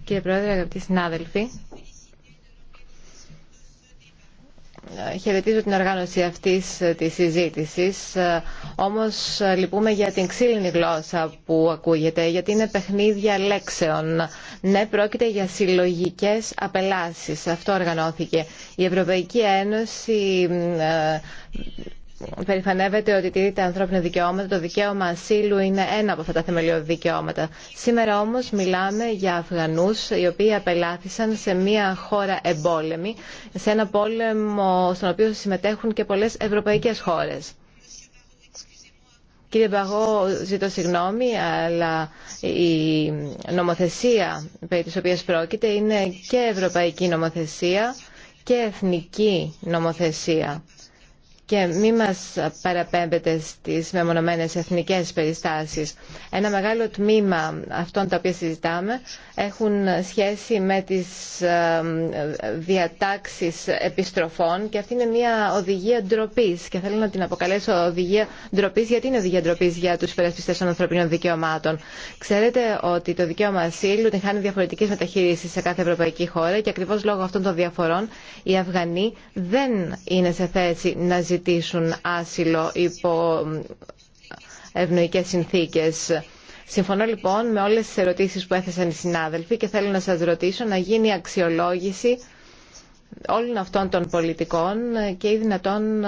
Κύριε Πρόεδρε, αγαπητοί συνάδελφοι, χαιρετίζω την οργάνωση αυτής της συζήτησης, όμως λυπούμε για την ξύλινη γλώσσα που ακούγεται, γιατί είναι παιχνίδια λέξεων. Ναι, πρόκειται για συλλογικές απελάσεις. Αυτό οργανώθηκε. Η Ευρωπαϊκή Ένωση ε, Περιφανεύεται ότι τηρεί τα ανθρώπινα δικαιώματα, το δικαίωμα ασύλου είναι ένα από αυτά τα θεμελιώδη δικαιώματα. Σήμερα όμως μιλάμε για Αφγανούς οι οποίοι απελάθησαν σε μια χώρα εμπόλεμη, σε ένα πόλεμο στον οποίο συμμετέχουν και πολλέ ευρωπαϊκές χώρες. Κύριε Μπαγό, ζητώ συγγνώμη, αλλά η νομοθεσία περί της οποίας πρόκειται είναι και ευρωπαϊκή νομοθεσία και εθνική νομοθεσία και μη μας παραπέμπετε στις μεμονωμένες εθνικές περιστάσεις. Ένα μεγάλο τμήμα αυτών τα οποία συζητάμε έχουν σχέση με τις ε, διατάξεις επιστροφών και αυτή είναι μια οδηγία ντροπή και θέλω να την αποκαλέσω οδηγία ντροπή γιατί είναι οδηγία ντροπή για τους υπερασπιστές των ανθρωπίνων δικαιωμάτων. Ξέρετε ότι το δικαίωμα ασύλου την χάνει διαφορετική μεταχείριση σε κάθε ευρωπαϊκή χώρα και ακριβώς λόγω αυτών των διαφορών οι Αφγανοί δεν είναι σε θέση να ζητήσουν ζητήσουν άσυλο υπό ευνοϊκές συνθήκες. Συμφωνώ λοιπόν με όλες τις ερωτήσεις που έθεσαν οι συνάδελφοι και θέλω να σας ρωτήσω να γίνει αξιολόγηση όλων αυτών των πολιτικών και η δυνατόν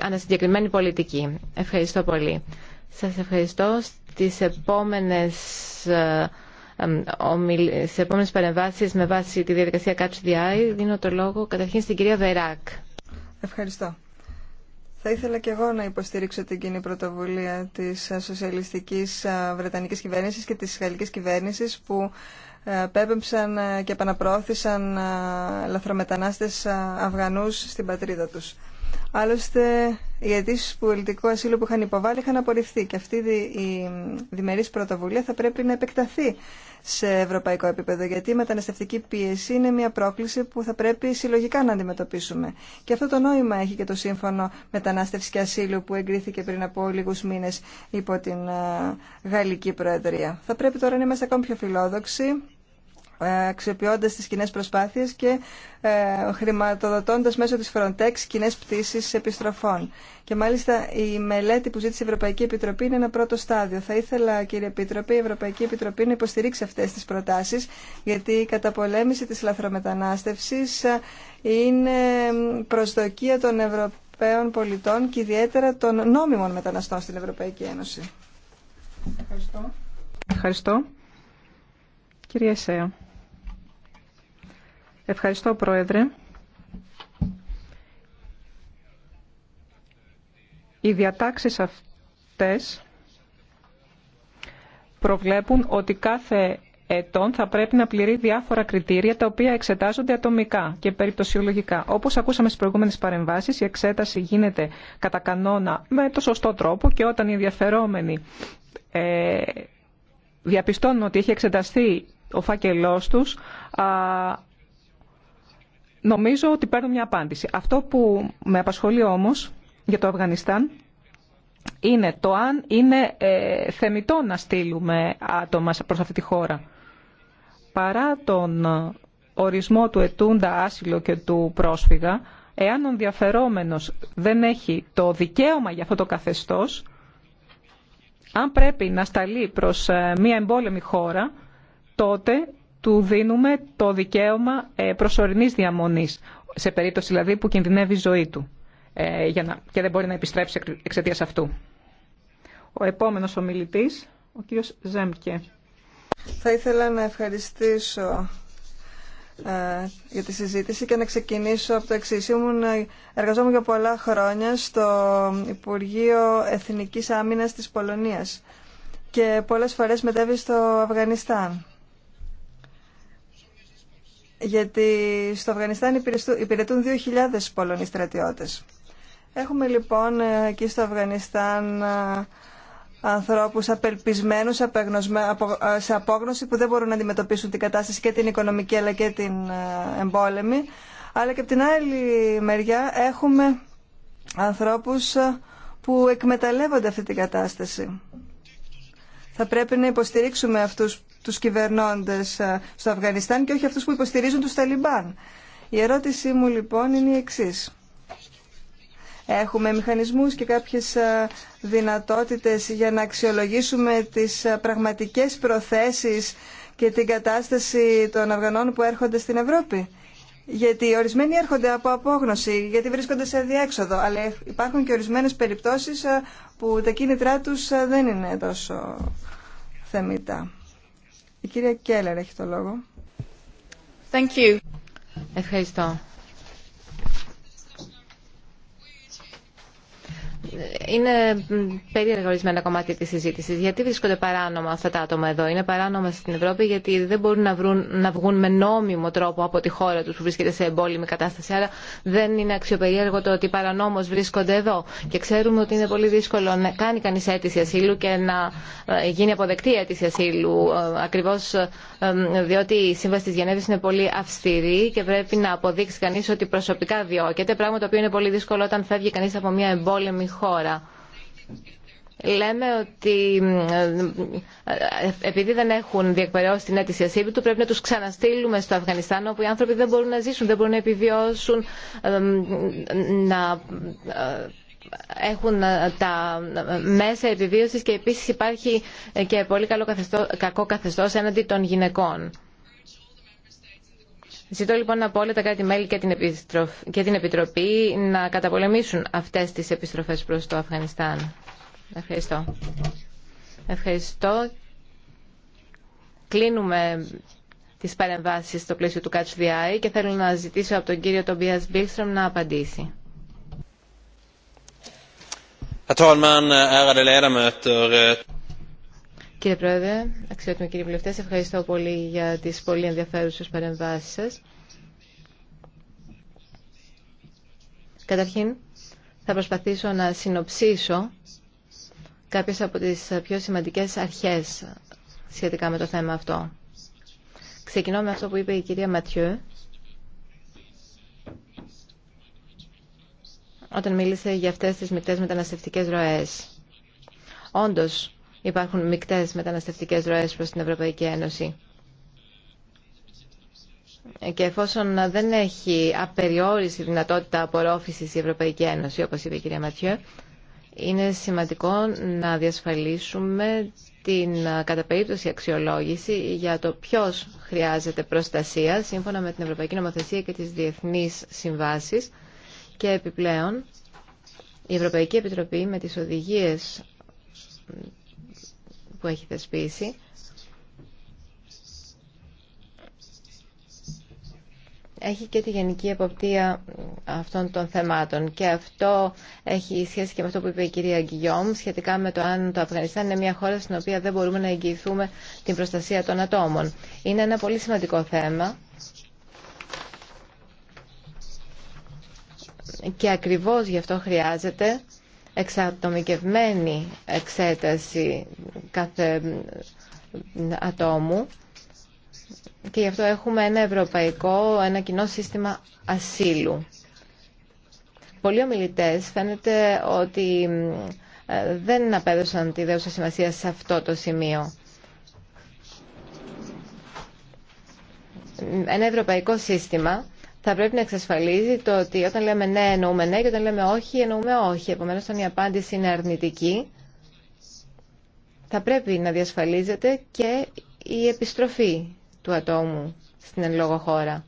ανασυγκεκριμένη πολιτική. Ευχαριστώ πολύ. Σας ευχαριστώ. Στις επόμενες, στις επόμενες παρεμβάσεις με βάση τη διαδικασία Catch the Eye δίνω το λόγο καταρχήν στην κυρία Βεράκ. Ευχαριστώ. Θα ήθελα και εγώ να υποστηρίξω την κοινή πρωτοβουλία της σοσιαλιστικής βρετανικής κυβέρνησης και της γαλλικής κυβέρνησης που πέπεμψαν και επαναπροώθησαν λαθρομετανάστες Αφγανούς στην πατρίδα τους. Άλλωστε, οι αιτήσει πολιτικού ασύλου που είχαν υποβάλει είχαν απορριφθεί και αυτή η διμερής πρωτοβουλία θα πρέπει να επεκταθεί σε ευρωπαϊκό επίπεδο, γιατί η μεταναστευτική πίεση είναι μια πρόκληση που θα πρέπει συλλογικά να αντιμετωπίσουμε. Και αυτό το νόημα έχει και το Σύμφωνο Μετανάστευση και Ασύλου που εγκρίθηκε πριν από λίγου μήνε υπό την ε, Γαλλική Προεδρία. Θα πρέπει τώρα να είμαστε ακόμη πιο φιλόδοξοι ε, αξιοποιώντα τι κοινέ προσπάθειε και ε, χρηματοδοτώντα μέσω τη Frontex κοινέ πτήσει επιστροφών. Και μάλιστα η μελέτη που ζήτησε η Ευρωπαϊκή Επιτροπή είναι ένα πρώτο στάδιο. Θα ήθελα, κύριε Επίτροπε, η Ευρωπαϊκή Επιτροπή να υποστηρίξει αυτέ τι προτάσει, γιατί η καταπολέμηση τη λαθρομετανάστευση ε, είναι προσδοκία των Ευρωπαίων πολιτών και ιδιαίτερα των νόμιμων μεταναστών στην Ευρωπαϊκή Ένωση. Ευχαριστώ. Ευχαριστώ. Κυρία Σέα. Ευχαριστώ, Πρόεδρε. Οι διατάξεις αυτές προβλέπουν ότι κάθε ετών θα πρέπει να πληρεί διάφορα κριτήρια τα οποία εξετάζονται ατομικά και περιπτωσιολογικά. Όπως ακούσαμε στις προηγούμενες παρεμβάσεις, η εξέταση γίνεται κατά κανόνα με το σωστό τρόπο και όταν οι ενδιαφερόμενοι ε, διαπιστώνουν ότι έχει εξεταστεί ο φάκελός τους, α, Νομίζω ότι παίρνω μια απάντηση. Αυτό που με απασχολεί όμως για το Αφγανιστάν είναι το αν είναι ε, θεμητό να στείλουμε άτομα προς αυτή τη χώρα. Παρά τον ε, ορισμό του ετούντα άσυλο και του πρόσφυγα, εάν ο ενδιαφερόμενος δεν έχει το δικαίωμα για αυτό το καθεστώς, αν πρέπει να σταλεί προς ε, μια εμπόλεμη χώρα, τότε του δίνουμε το δικαίωμα ε, προσωρινής διαμονής, σε περίπτωση δηλαδή που κινδυνεύει η ζωή του ε, για να, και δεν μπορεί να επιστρέψει εξαιτίας αυτού. Ο επόμενος ομιλητής, ο κύριος Ζέμκε. Θα ήθελα να ευχαριστήσω ε, για τη συζήτηση και να ξεκινήσω από το εξή. Ήμουν εργαζόμουν για πολλά χρόνια στο Υπουργείο Εθνικής Άμυνας της Πολωνίας και πολλές φορές μετέβη στο Αφγανιστάν γιατί στο Αφγανιστάν υπηρετούν 2.000 Πολωνοί στρατιώτες. Έχουμε λοιπόν ε, εκεί στο Αφγανιστάν ε, ανθρώπους απελπισμένους ε, σε απόγνωση που δεν μπορούν να αντιμετωπίσουν την κατάσταση και την οικονομική αλλά και την εμπόλεμη. Αλλά και από την άλλη μεριά έχουμε ανθρώπους που εκμεταλλεύονται αυτή την κατάσταση θα πρέπει να υποστηρίξουμε αυτούς τους κυβερνώντες ε, στο Αφγανιστάν και όχι αυτούς που υποστηρίζουν τους Ταλιμπάν. Η ερώτησή μου λοιπόν είναι η εξής. Έχουμε μηχανισμούς και κάποιες ε, δυνατότητες για να αξιολογήσουμε τις ε, πραγματικές προθέσεις και την κατάσταση των Αφγανών που έρχονται στην Ευρώπη. Γιατί ορισμένοι έρχονται από απόγνωση, γιατί βρίσκονται σε διέξοδο, αλλά υπάρχουν και ορισμένες περιπτώσεις ε, που τα κίνητρά του ε, δεν είναι τόσο θεμητά. Η κυρία Κέλλερ έχει το λόγο. Thank you. Ευχαριστώ. είναι περίεργα ορισμένα κομμάτια τη συζήτηση, Γιατί βρίσκονται παράνομα αυτά τα άτομα εδώ. Είναι παράνομα στην Ευρώπη γιατί δεν μπορούν να, βρουν, να βγουν με νόμιμο τρόπο από τη χώρα του που βρίσκεται σε εμπόλεμη κατάσταση. Άρα δεν είναι αξιοπερίεργο το ότι παρανόμω βρίσκονται εδώ. Και ξέρουμε ότι είναι πολύ δύσκολο να κάνει κανεί αίτηση ασύλου και να ε, γίνει αποδεκτή αίτηση ασύλου. Ε, Ακριβώ ε, διότι η Σύμβαση τη Γενέβη είναι πολύ αυστηρή και πρέπει να αποδείξει κανεί ότι προσωπικά διώκεται. Πράγμα το οποίο είναι πολύ δύσκολο όταν φεύγει κανεί από μια εμπόλεμη χώρα Λέμε ότι ε, επειδή δεν έχουν διεκπαιρεώσει την αίτηση ασύλου του πρέπει να τους ξαναστείλουμε στο Αφγανιστάν όπου οι άνθρωποι δεν μπορούν να ζήσουν, δεν μπορούν να επιβιώσουν, να ε, έχουν ε, τα μέσα επιβίωσης και επίσης υπάρχει και πολύ καλό κακό καθεστώς έναντι των γυναικών. Ζητώ λοιπόν από όλα τα κράτη-μέλη και, την Επιτροπή να καταπολεμήσουν αυτές τις επιστροφές προς το Αφγανιστάν. Ευχαριστώ. Ευχαριστώ. Κλείνουμε τις παρεμβάσεις στο πλαίσιο του Catch the Eye και θέλω να ζητήσω από τον κύριο Τομπίας Μπίλστρομ να απαντήσει. Herr Κύριε Πρόεδρε, αξιότιμοι κύριοι βουλευτέ, ευχαριστώ πολύ για τις πολύ ενδιαφέρουσε παρεμβάσει. σα. Καταρχήν, θα προσπαθήσω να συνοψίσω κάποιες από τις πιο σημαντικές αρχές σχετικά με το θέμα αυτό. Ξεκινώ με αυτό που είπε η κυρία Ματιού, όταν μίλησε για αυτές τις μικρές μεταναστευτικές ροές υπάρχουν μεικτές μεταναστευτικές ροές προς την Ευρωπαϊκή Ένωση. Και εφόσον δεν έχει απεριόριστη δυνατότητα απορρόφησης η Ευρωπαϊκή Ένωση, όπως είπε η κυρία Ματιέ, είναι σημαντικό να διασφαλίσουμε την κατά περίπτωση αξιολόγηση για το ποιος χρειάζεται προστασία σύμφωνα με την Ευρωπαϊκή Νομοθεσία και τις διεθνείς συμβάσεις και επιπλέον η Ευρωπαϊκή Επιτροπή με τις οδηγίες που έχει θεσπίσει έχει και τη γενική εποπτεία αυτών των θεμάτων. Και αυτό έχει σχέση και με αυτό που είπε η κυρία Γκυγιόμ σχετικά με το αν το Αφγανιστάν είναι μια χώρα στην οποία δεν μπορούμε να εγγυηθούμε την προστασία των ατόμων. Είναι ένα πολύ σημαντικό θέμα. Και ακριβώς γι' αυτό χρειάζεται εξατομικευμένη εξέταση κάθε ατόμου και γι' αυτό έχουμε ένα ευρωπαϊκό, ένα κοινό σύστημα ασύλου. Πολλοί ομιλητέ φαίνεται ότι ε, δεν απέδωσαν τη δέουσα σημασία σε αυτό το σημείο. Ένα ευρωπαϊκό σύστημα θα πρέπει να εξασφαλίζει το ότι όταν λέμε ναι εννοούμε ναι και όταν λέμε όχι εννοούμε όχι. Επομένως, αν η απάντηση είναι αρνητική, θα πρέπει να διασφαλίζεται και η επιστροφή του ατόμου στην εν λόγω χώρα.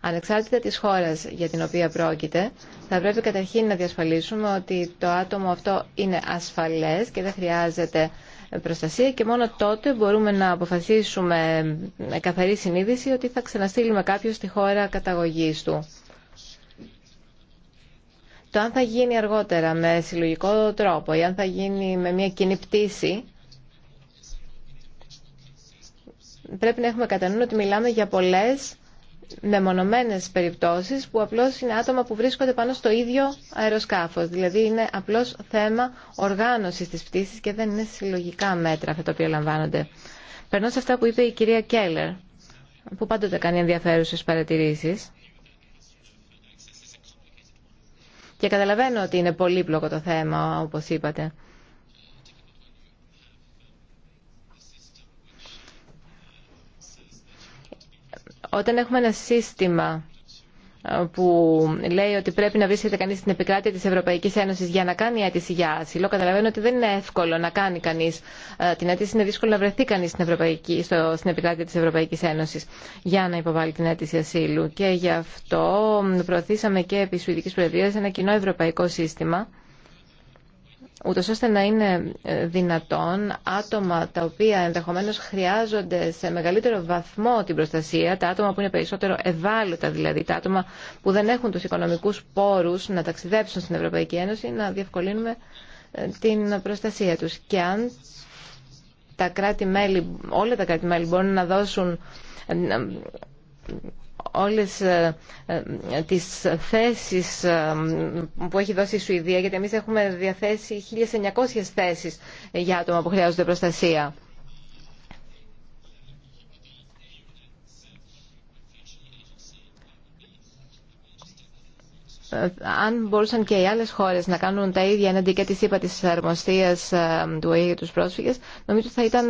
Ανεξάρτητα της χώρας για την οποία πρόκειται, θα πρέπει καταρχήν να διασφαλίσουμε ότι το άτομο αυτό είναι ασφαλές και δεν χρειάζεται προστασία και μόνο τότε μπορούμε να αποφασίσουμε με καθαρή συνείδηση ότι θα ξαναστείλουμε κάποιον στη χώρα καταγωγής του. Το αν θα γίνει αργότερα με συλλογικό τρόπο ή αν θα γίνει με μια κοινή πτήση, πρέπει να έχουμε κατά νου ότι μιλάμε για πολλές μεμονωμένες περιπτώσεις που απλώς είναι άτομα που βρίσκονται πάνω στο ίδιο αεροσκάφος. Δηλαδή είναι απλώς θέμα οργάνωσης της πτήσης και δεν είναι συλλογικά μέτρα αυτά τα οποία λαμβάνονται. Περνώ σε αυτά που είπε η κυρία Κέλλερ, που πάντοτε κάνει ενδιαφέρουσες παρατηρήσεις. Και καταλαβαίνω ότι είναι πολύπλοκο το θέμα, όπως είπατε. Όταν έχουμε ένα σύστημα ε, που λέει ότι πρέπει να βρίσκεται κανείς στην επικράτεια της Ευρωπαϊκής Ένωσης για να κάνει αίτηση για άσυλο. Καταλαβαίνω ότι δεν είναι εύκολο να κάνει κανείς ε, την αίτηση, είναι δύσκολο να βρεθεί κανείς στην, Ευρωπαϊκή, στην επικράτεια της Ευρωπαϊκής Ένωσης για να υποβάλει την αίτηση ασύλου. Και γι' αυτό προωθήσαμε και επί Σουηδικής Προεδρίας ένα κοινό ευρωπαϊκό σύστημα ούτως ώστε να είναι ε, δυνατόν άτομα τα οποία ενδεχομένως χρειάζονται σε μεγαλύτερο βαθμό την προστασία, τα άτομα που είναι περισσότερο ευάλωτα δηλαδή, τα άτομα που δεν έχουν τους οικονομικούς πόρους να ταξιδέψουν στην Ευρωπαϊκή Ένωση, να διευκολύνουμε ε, την προστασία τους. Και αν τα κράτη-μέλη, όλα τα κράτη-μέλη μπορούν να δώσουν ε, όλες ε, ε, τις θέσεις ε, που έχει δώσει η Σουηδία, γιατί εμείς έχουμε διαθέσει 1.900 θέσεις για άτομα που χρειάζονται προστασία. αν μπορούσαν και οι άλλες χώρες να κάνουν τα ίδια εναντί και της είπα της αρμοστίας του ΟΗΕ για τους πρόσφυγες, νομίζω θα ήταν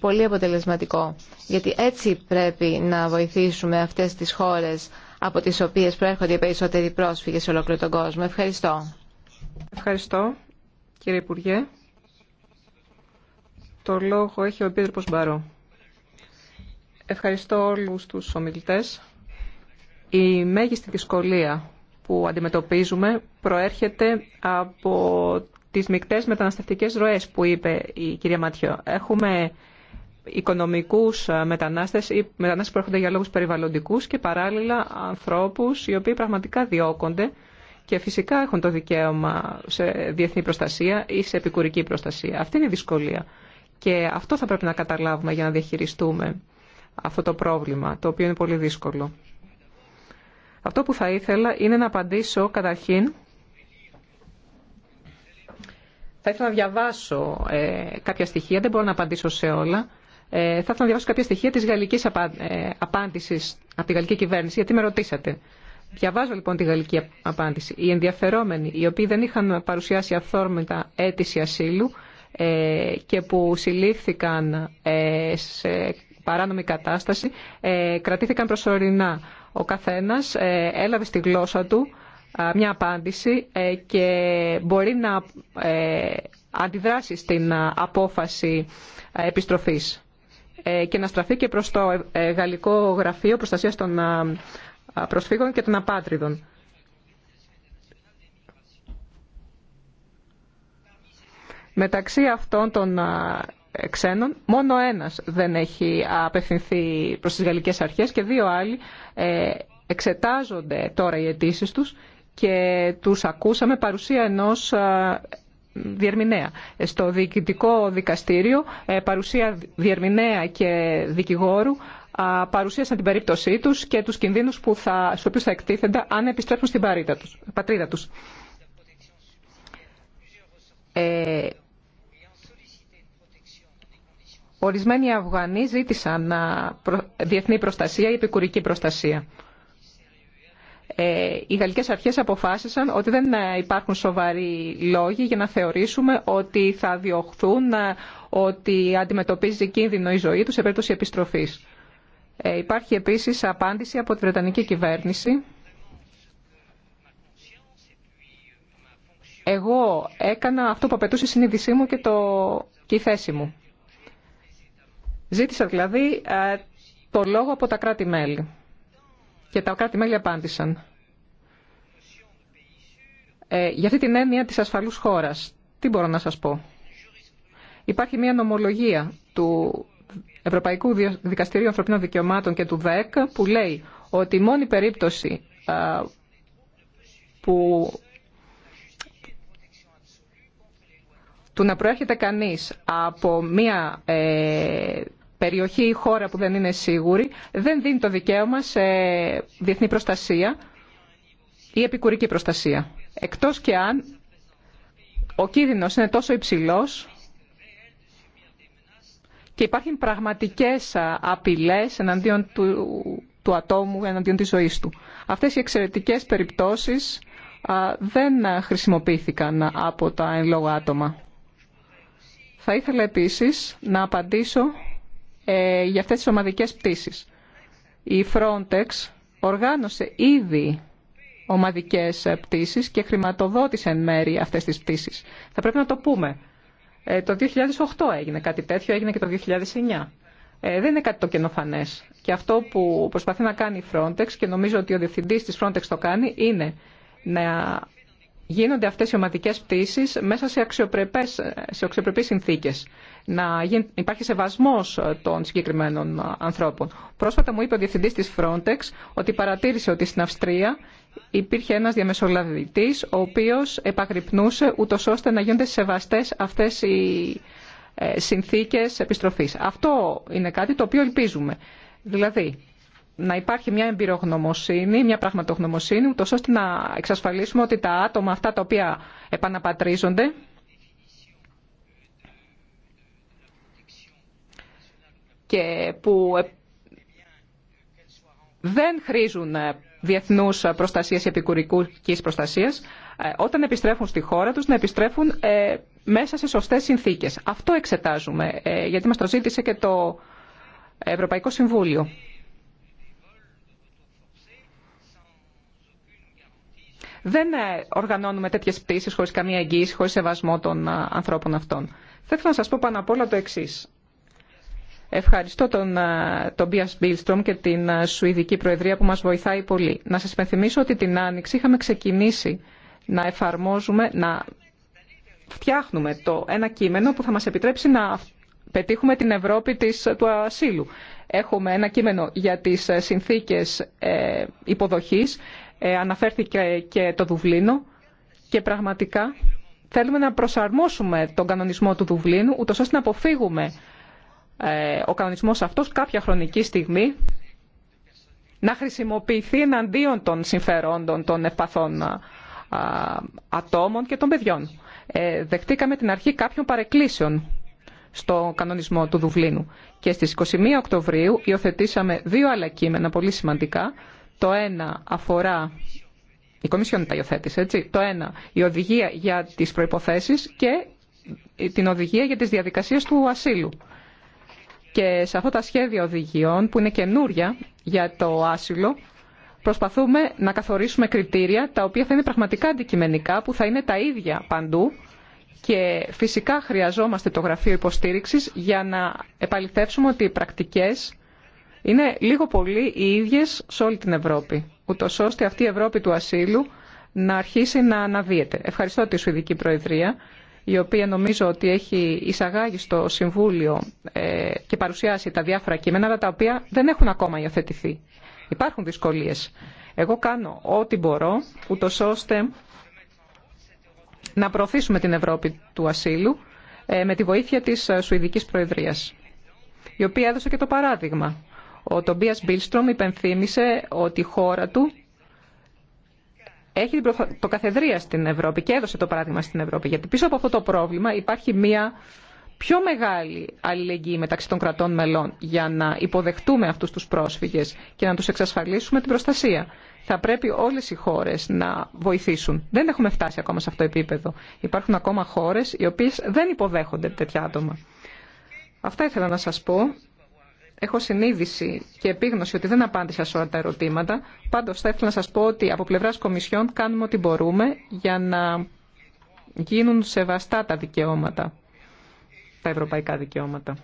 πολύ αποτελεσματικό. Γιατί έτσι πρέπει να βοηθήσουμε αυτές τις χώρες από τις οποίες προέρχονται οι περισσότεροι πρόσφυγες σε ολόκληρο τον κόσμο. Ευχαριστώ. Ευχαριστώ, κύριε Υπουργέ. Το λόγο έχει ο Επίτροπος Μπαρό. Ευχαριστώ όλους τους ομιλητές. Η μέγιστη δυσκολία που αντιμετωπίζουμε προέρχεται από τις μικτές μεταναστευτικές ροές που είπε η κυρία Ματιό. Έχουμε οικονομικού ε, μετανάστε ή μετανάστε που έρχονται για λόγου περιβαλλοντικού και παράλληλα ανθρώπου, οι οποίοι πραγματικά διώκονται και φυσικά έχουν το δικαίωμα σε διεθνή προστασία ή σε ποικρική προστασία. Αυτή είναι η μεταναστε που ερχονται για λογου περιβαλλοντικου Και παραλληλα ανθρωπου οι οποιοι πραγματικα διωκονται και φυσικα εχουν το δικαιωμα σε διεθνη προστασια η σε επικουρικη προστασια αυτη ειναι η δυσκολια και αυτο θα πρέπει να καταλάβουμε για να διαχειριστούμε αυτό το πρόβλημα, το οποίο είναι πολύ δύσκολο. Αυτό που θα ήθελα είναι να απαντήσω καταρχήν θα ήθελα να διαβάσω ε, κάποια στοιχεία, δεν μπορώ να απαντήσω σε όλα. Ε, θα ήθελα να διαβάσω κάποια στοιχεία της γαλλικής ε, απάντησης από τη γαλλική κυβέρνηση, γιατί με ρωτήσατε. Διαβάζω λοιπόν τη γαλλική απάντηση. Οι ενδιαφερόμενοι, οι οποίοι δεν είχαν παρουσιάσει αυθόρμητα αίτηση ασύλου ε, και που συλλήφθηκαν σε παράνομη κατάσταση, κρατήθηκαν προσωρινά. Ο καθένας έλαβε στη γλώσσα του μια απάντηση και μπορεί να αντιδράσει στην απόφαση επιστροφής. Ε, και να στραφεί και προς το ε, ε, Γαλλικό Γραφείο Προστασίας των Προσφύγων και των Απάτριδων. Μεταξύ αυτών των ξένων, μόνο ένας δεν έχει απευθυνθεί προς τις γαλλικές αρχές και δύο άλλοι εξετάζονται τώρα οι αιτήσει τους και τους ακούσαμε παρουσία ενός διερμηνέα. Στο διοικητικό δικαστήριο ε, παρουσία διερμηνέα και δικηγόρου παρουσίασαν την περίπτωσή τους και τους κινδύνους που θα, στους οποίους θα εκτίθενται αν επιστρέψουν στην τους, πατρίδα τους. Ε, ορισμένοι Αφγανοί ζήτησαν διεθνή προστασία ή επικουρική προστασία. Ε, οι γαλλικές αρχές αποφάσισαν ότι δεν ε, υπάρχουν σοβαροί λόγοι για να θεωρήσουμε ότι θα διωχθούν, ε, ότι αντιμετωπίζει κίνδυνο η ζωή τους σε περίπτωση επιστροφής. Υπάρχει επίσης απάντηση από τη Βρετανική κυβέρνηση. Εγώ έκανα αυτό που απαιτούσε η συνείδησή μου και, το, και η θέση μου. Ζήτησα δηλαδή το λόγο από τα κράτη-μέλη και τα κράτη-μέλη απάντησαν. Ε, για αυτή την έννοια της ασφαλούς χώρας, τι μπορώ να σας πω. Υπάρχει μια νομολογία του Ευρωπαϊκού Δικαστηρίου Ανθρωπίνων Δικαιωμάτων και του ΔΕΚ που λέει ότι η μόνη περίπτωση που του να προέρχεται κανείς από μια ε, περιοχή ή χώρα που δεν είναι σίγουρη δεν δίνει το δικαίωμα σε διεθνή προστασία ή επικουρική προστασία. Εκτός και αν ο κίνδυνος είναι τόσο υψηλός και υπάρχουν πραγματικές απειλές εναντίον του, του ατόμου, εναντίον της ζωής του. Αυτές οι εξαιρετικές περιπτώσεις δεν χρησιμοποιήθηκαν από τα εν λόγω άτομα. Θα ήθελα επίσης να απαντήσω ε, για αυτές τις ομαδικές πτήσεις. Η Frontex οργάνωσε ήδη ομαδικές ε, πτήσεις και χρηματοδότησε εν μέρη αυτές τις πτήσεις. Θα πρέπει να το πούμε. Ε, το 2008 έγινε κάτι τέτοιο, έγινε και το 2009. δεν είναι κάτι το καινοφανέ. Και αυτό που προσπαθεί να κάνει η Frontex και νομίζω ότι ο διευθυντή της Frontex το κάνει είναι να γίνονται αυτές οι ομαδικές πτήσεις μέσα σε, αξιοπρεπές, σε αξιοπρεπείς συνθήκες. Να υπάρχει σεβασμός των συγκεκριμένων ανθρώπων. Πρόσφατα μου είπε ο διευθυντής της Frontex ότι παρατήρησε ότι στην Αυστρία υπήρχε ένας διαμεσολαβητής ο οποίος επαγρυπνούσε ούτω ώστε να γίνονται σεβαστές αυτές οι ε, συνθήκες επιστροφής. Αυτό είναι κάτι το οποίο ελπίζουμε. Δηλαδή, να υπάρχει μια εμπειρογνωμοσύνη, μια πραγματογνωμοσύνη, ούτως ώστε να εξασφαλίσουμε ότι τα άτομα αυτά τα οποία επαναπατρίζονται και που δεν χρήζουν διεθνούς προστασίας ή επικουρικούς προστασίας, ε, όταν επιστρέφουν στη χώρα τους να επιστρέφουν ε, μέσα σε σωστές συνθήκες. Αυτό εξετάζουμε, ε, γιατί μας το ζήτησε και το Ευρωπαϊκό Συμβούλιο. Δεν ε, οργανώνουμε τέτοιε πτήσει χωρί καμία εγγύηση, χωρί σεβασμό των ε, ανθρώπων αυτών. Θα ήθελα να σα πω πάνω απ' όλα το εξή. Ευχαριστώ τον ε, Τομπία Μπίλστρομ και την Σουηδική Προεδρία που μα βοηθάει πολύ. Να σα υπενθυμίσω ότι την Άνοιξη είχαμε ξεκινήσει να εφαρμόζουμε, να φτιάχνουμε το ένα κείμενο που θα μα επιτρέψει να πετύχουμε την Ευρώπη της, του ασύλου. Έχουμε ένα κείμενο για τις συνθήκες υποδοχής, ε, αναφέρθηκε και το Δουβλίνο και πραγματικά θέλουμε να προσαρμόσουμε τον κανονισμό του Δουβλίνου ούτως ώστε να αποφύγουμε ε, ο κανονισμός αυτός κάποια χρονική στιγμή να χρησιμοποιηθεί εναντίον των συμφερόντων των ευπαθών ατόμων και των παιδιών. Ε, δεχτήκαμε την αρχή κάποιων παρεκκλήσεων στο κανονισμό του Δουβλίνου. Και στις 21 Οκτωβρίου υιοθετήσαμε δύο άλλα κείμενα πολύ σημαντικά το ένα αφορά η Κομισιόν τα υιοθέτησε, έτσι. Το ένα, η οδηγία για τις προϋποθέσεις και την οδηγία για τις διαδικασίες του ασύλου. Και σε αυτά τα σχέδια οδηγιών που είναι καινούρια για το άσυλο, προσπαθούμε να καθορίσουμε κριτήρια τα οποία θα είναι πραγματικά αντικειμενικά, που θα είναι τα ίδια παντού και φυσικά χρειαζόμαστε το Γραφείο Υποστήριξης για να επαληθεύσουμε ότι οι πρακτικές είναι λίγο πολύ οι ίδιε σε όλη την Ευρώπη, ούτω ώστε αυτή η Ευρώπη του ασύλου να αρχίσει να αναδύεται. Ευχαριστώ τη Σουηδική Προεδρία, η οποία νομίζω ότι έχει εισαγάγει στο Συμβούλιο ε, και παρουσιάσει τα διάφορα κείμενα, αλλά τα οποία δεν έχουν ακόμα υιοθετηθεί. Υπάρχουν δυσκολίε. Εγώ κάνω ό,τι μπορώ, ούτω ώστε να προωθήσουμε την Ευρώπη του ασύλου ε, με τη βοήθεια της Σουηδικής Προεδρίας, η οποία έδωσε και το παράδειγμα ο Τομπίας Μπίλστρομ υπενθύμησε ότι η χώρα του έχει το καθεδρία στην Ευρώπη και έδωσε το παράδειγμα στην Ευρώπη. Γιατί πίσω από αυτό το πρόβλημα υπάρχει μια πιο μεγάλη αλληλεγγύη μεταξύ των κρατών μελών για να υποδεχτούμε αυτούς τους πρόσφυγες και να τους εξασφαλίσουμε την προστασία. Θα πρέπει όλες οι χώρες να βοηθήσουν. Δεν έχουμε φτάσει ακόμα σε αυτό το επίπεδο. Υπάρχουν ακόμα χώρες οι οποίες δεν υποδέχονται τέτοια άτομα. Αυτά ήθελα να σας πω έχω συνείδηση και επίγνωση ότι δεν απάντησα σε όλα τα ερωτήματα. Πάντως θα ήθελα να σας πω ότι από πλευράς Κομισιόν κάνουμε ό,τι μπορούμε για να γίνουν σεβαστά τα δικαιώματα, τα ευρωπαϊκά δικαιώματα.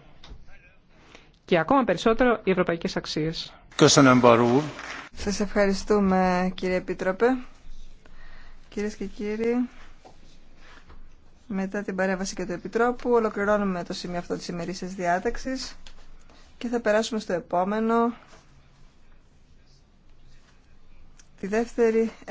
Και ακόμα περισσότερο οι ευρωπαϊκές αξίες. Σας ευχαριστούμε κύριε Επίτροπε. κύριε και κύριοι, μετά την παρέμβαση και του Επιτρόπου, ολοκληρώνουμε το σημείο αυτό της ημερήσιας διάταξης. Και θα περάσουμε στο επόμενο. Τη δεύτερη